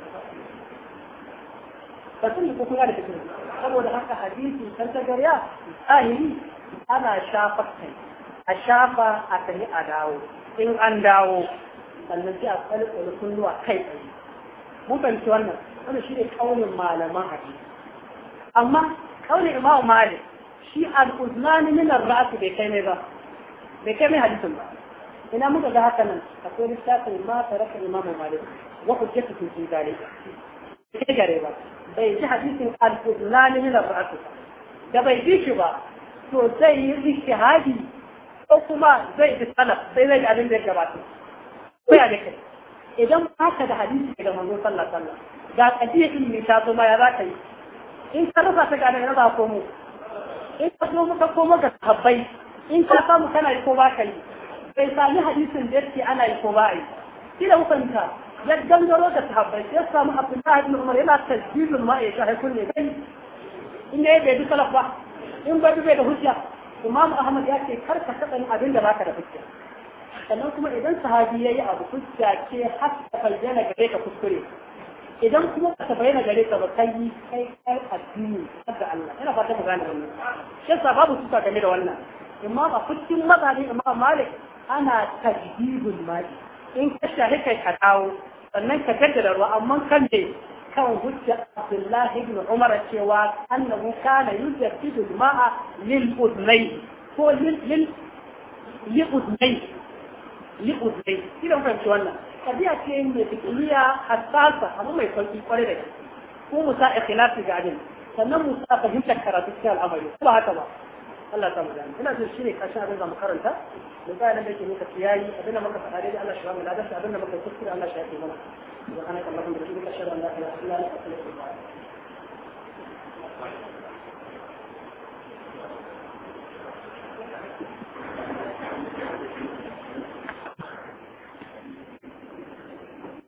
فصل لكم غاني تكلم أبو دهك حديث كنت جريا أهلي ana shafa kai a shafa a tafi a dawo in an dawo sannan sai a kwalkwale kunnuwa kai tsaye mun fahimci wannan wannan shi ne kaunin malaman hadisi amma kaunin imamu malik shi al-uzmani min ar-ra's bai kai mai ba bai kai mai hadisin ba ina muka ga haka nan akwai lissafin ma taraka imamu malik wa hujjatu fi dalika sai gare ba bai ji hadisin al-uzmani min ar-ra's da bai ji shi ba to zai yi ishtihadi ko kuma zai fi salaf sai zai ga abin da ya gabata koya da kai idan haka da hadisi daga manzo sallallahu alaihi wasallam ga kadiya ilmi ta zo ma ya za ka yi in ka rasa ta ga daga ko komo in ka zo muka komo ga sahabbai in ka samu kana yi ko ba ka yi bai sami hadisin da yake ana yi ko ba yi shi da hukunta ya gangaro da sahabbai ya samu abdullahi ibn umar yana tasbihul ma'a ya kai kunne kai in ne bai bi salaf ba in ba bai da hujja Imam Ahmad ya ce kar ka taɓa yin abin da baka da hujja sannan kuma idan sahabi yayi abu hujja ce har ta bayyana gare ka kuskure idan kuma ka bayyana gare ka ba kai kai kai addini daga Allah ina fata mu gane wannan shi yasa babu suka game da wannan imma a cikin mazali imam Malik ana tajdidul mali in ka shahi kai ka dawo sannan ka jaddada ruwa amma kan dai كان حجة عبد الله بن عمر الشواك أنه كان يجدد الماء للأذنين هو لل لل لأذنين لأذنين كده فهمت شو أنا كده كان يتكلم حساسة هم ما يقول في قرية هو مساء خلاف في قاعدين كان مساء فهمت كراتي في الأمر الله تعالى الله تعالى هنا في الشيء كشان هذا مقارنة لو كان لم يكن هناك سياي أبينا مكة فهذه الله شرام الله شرام Si bajan de la ciudad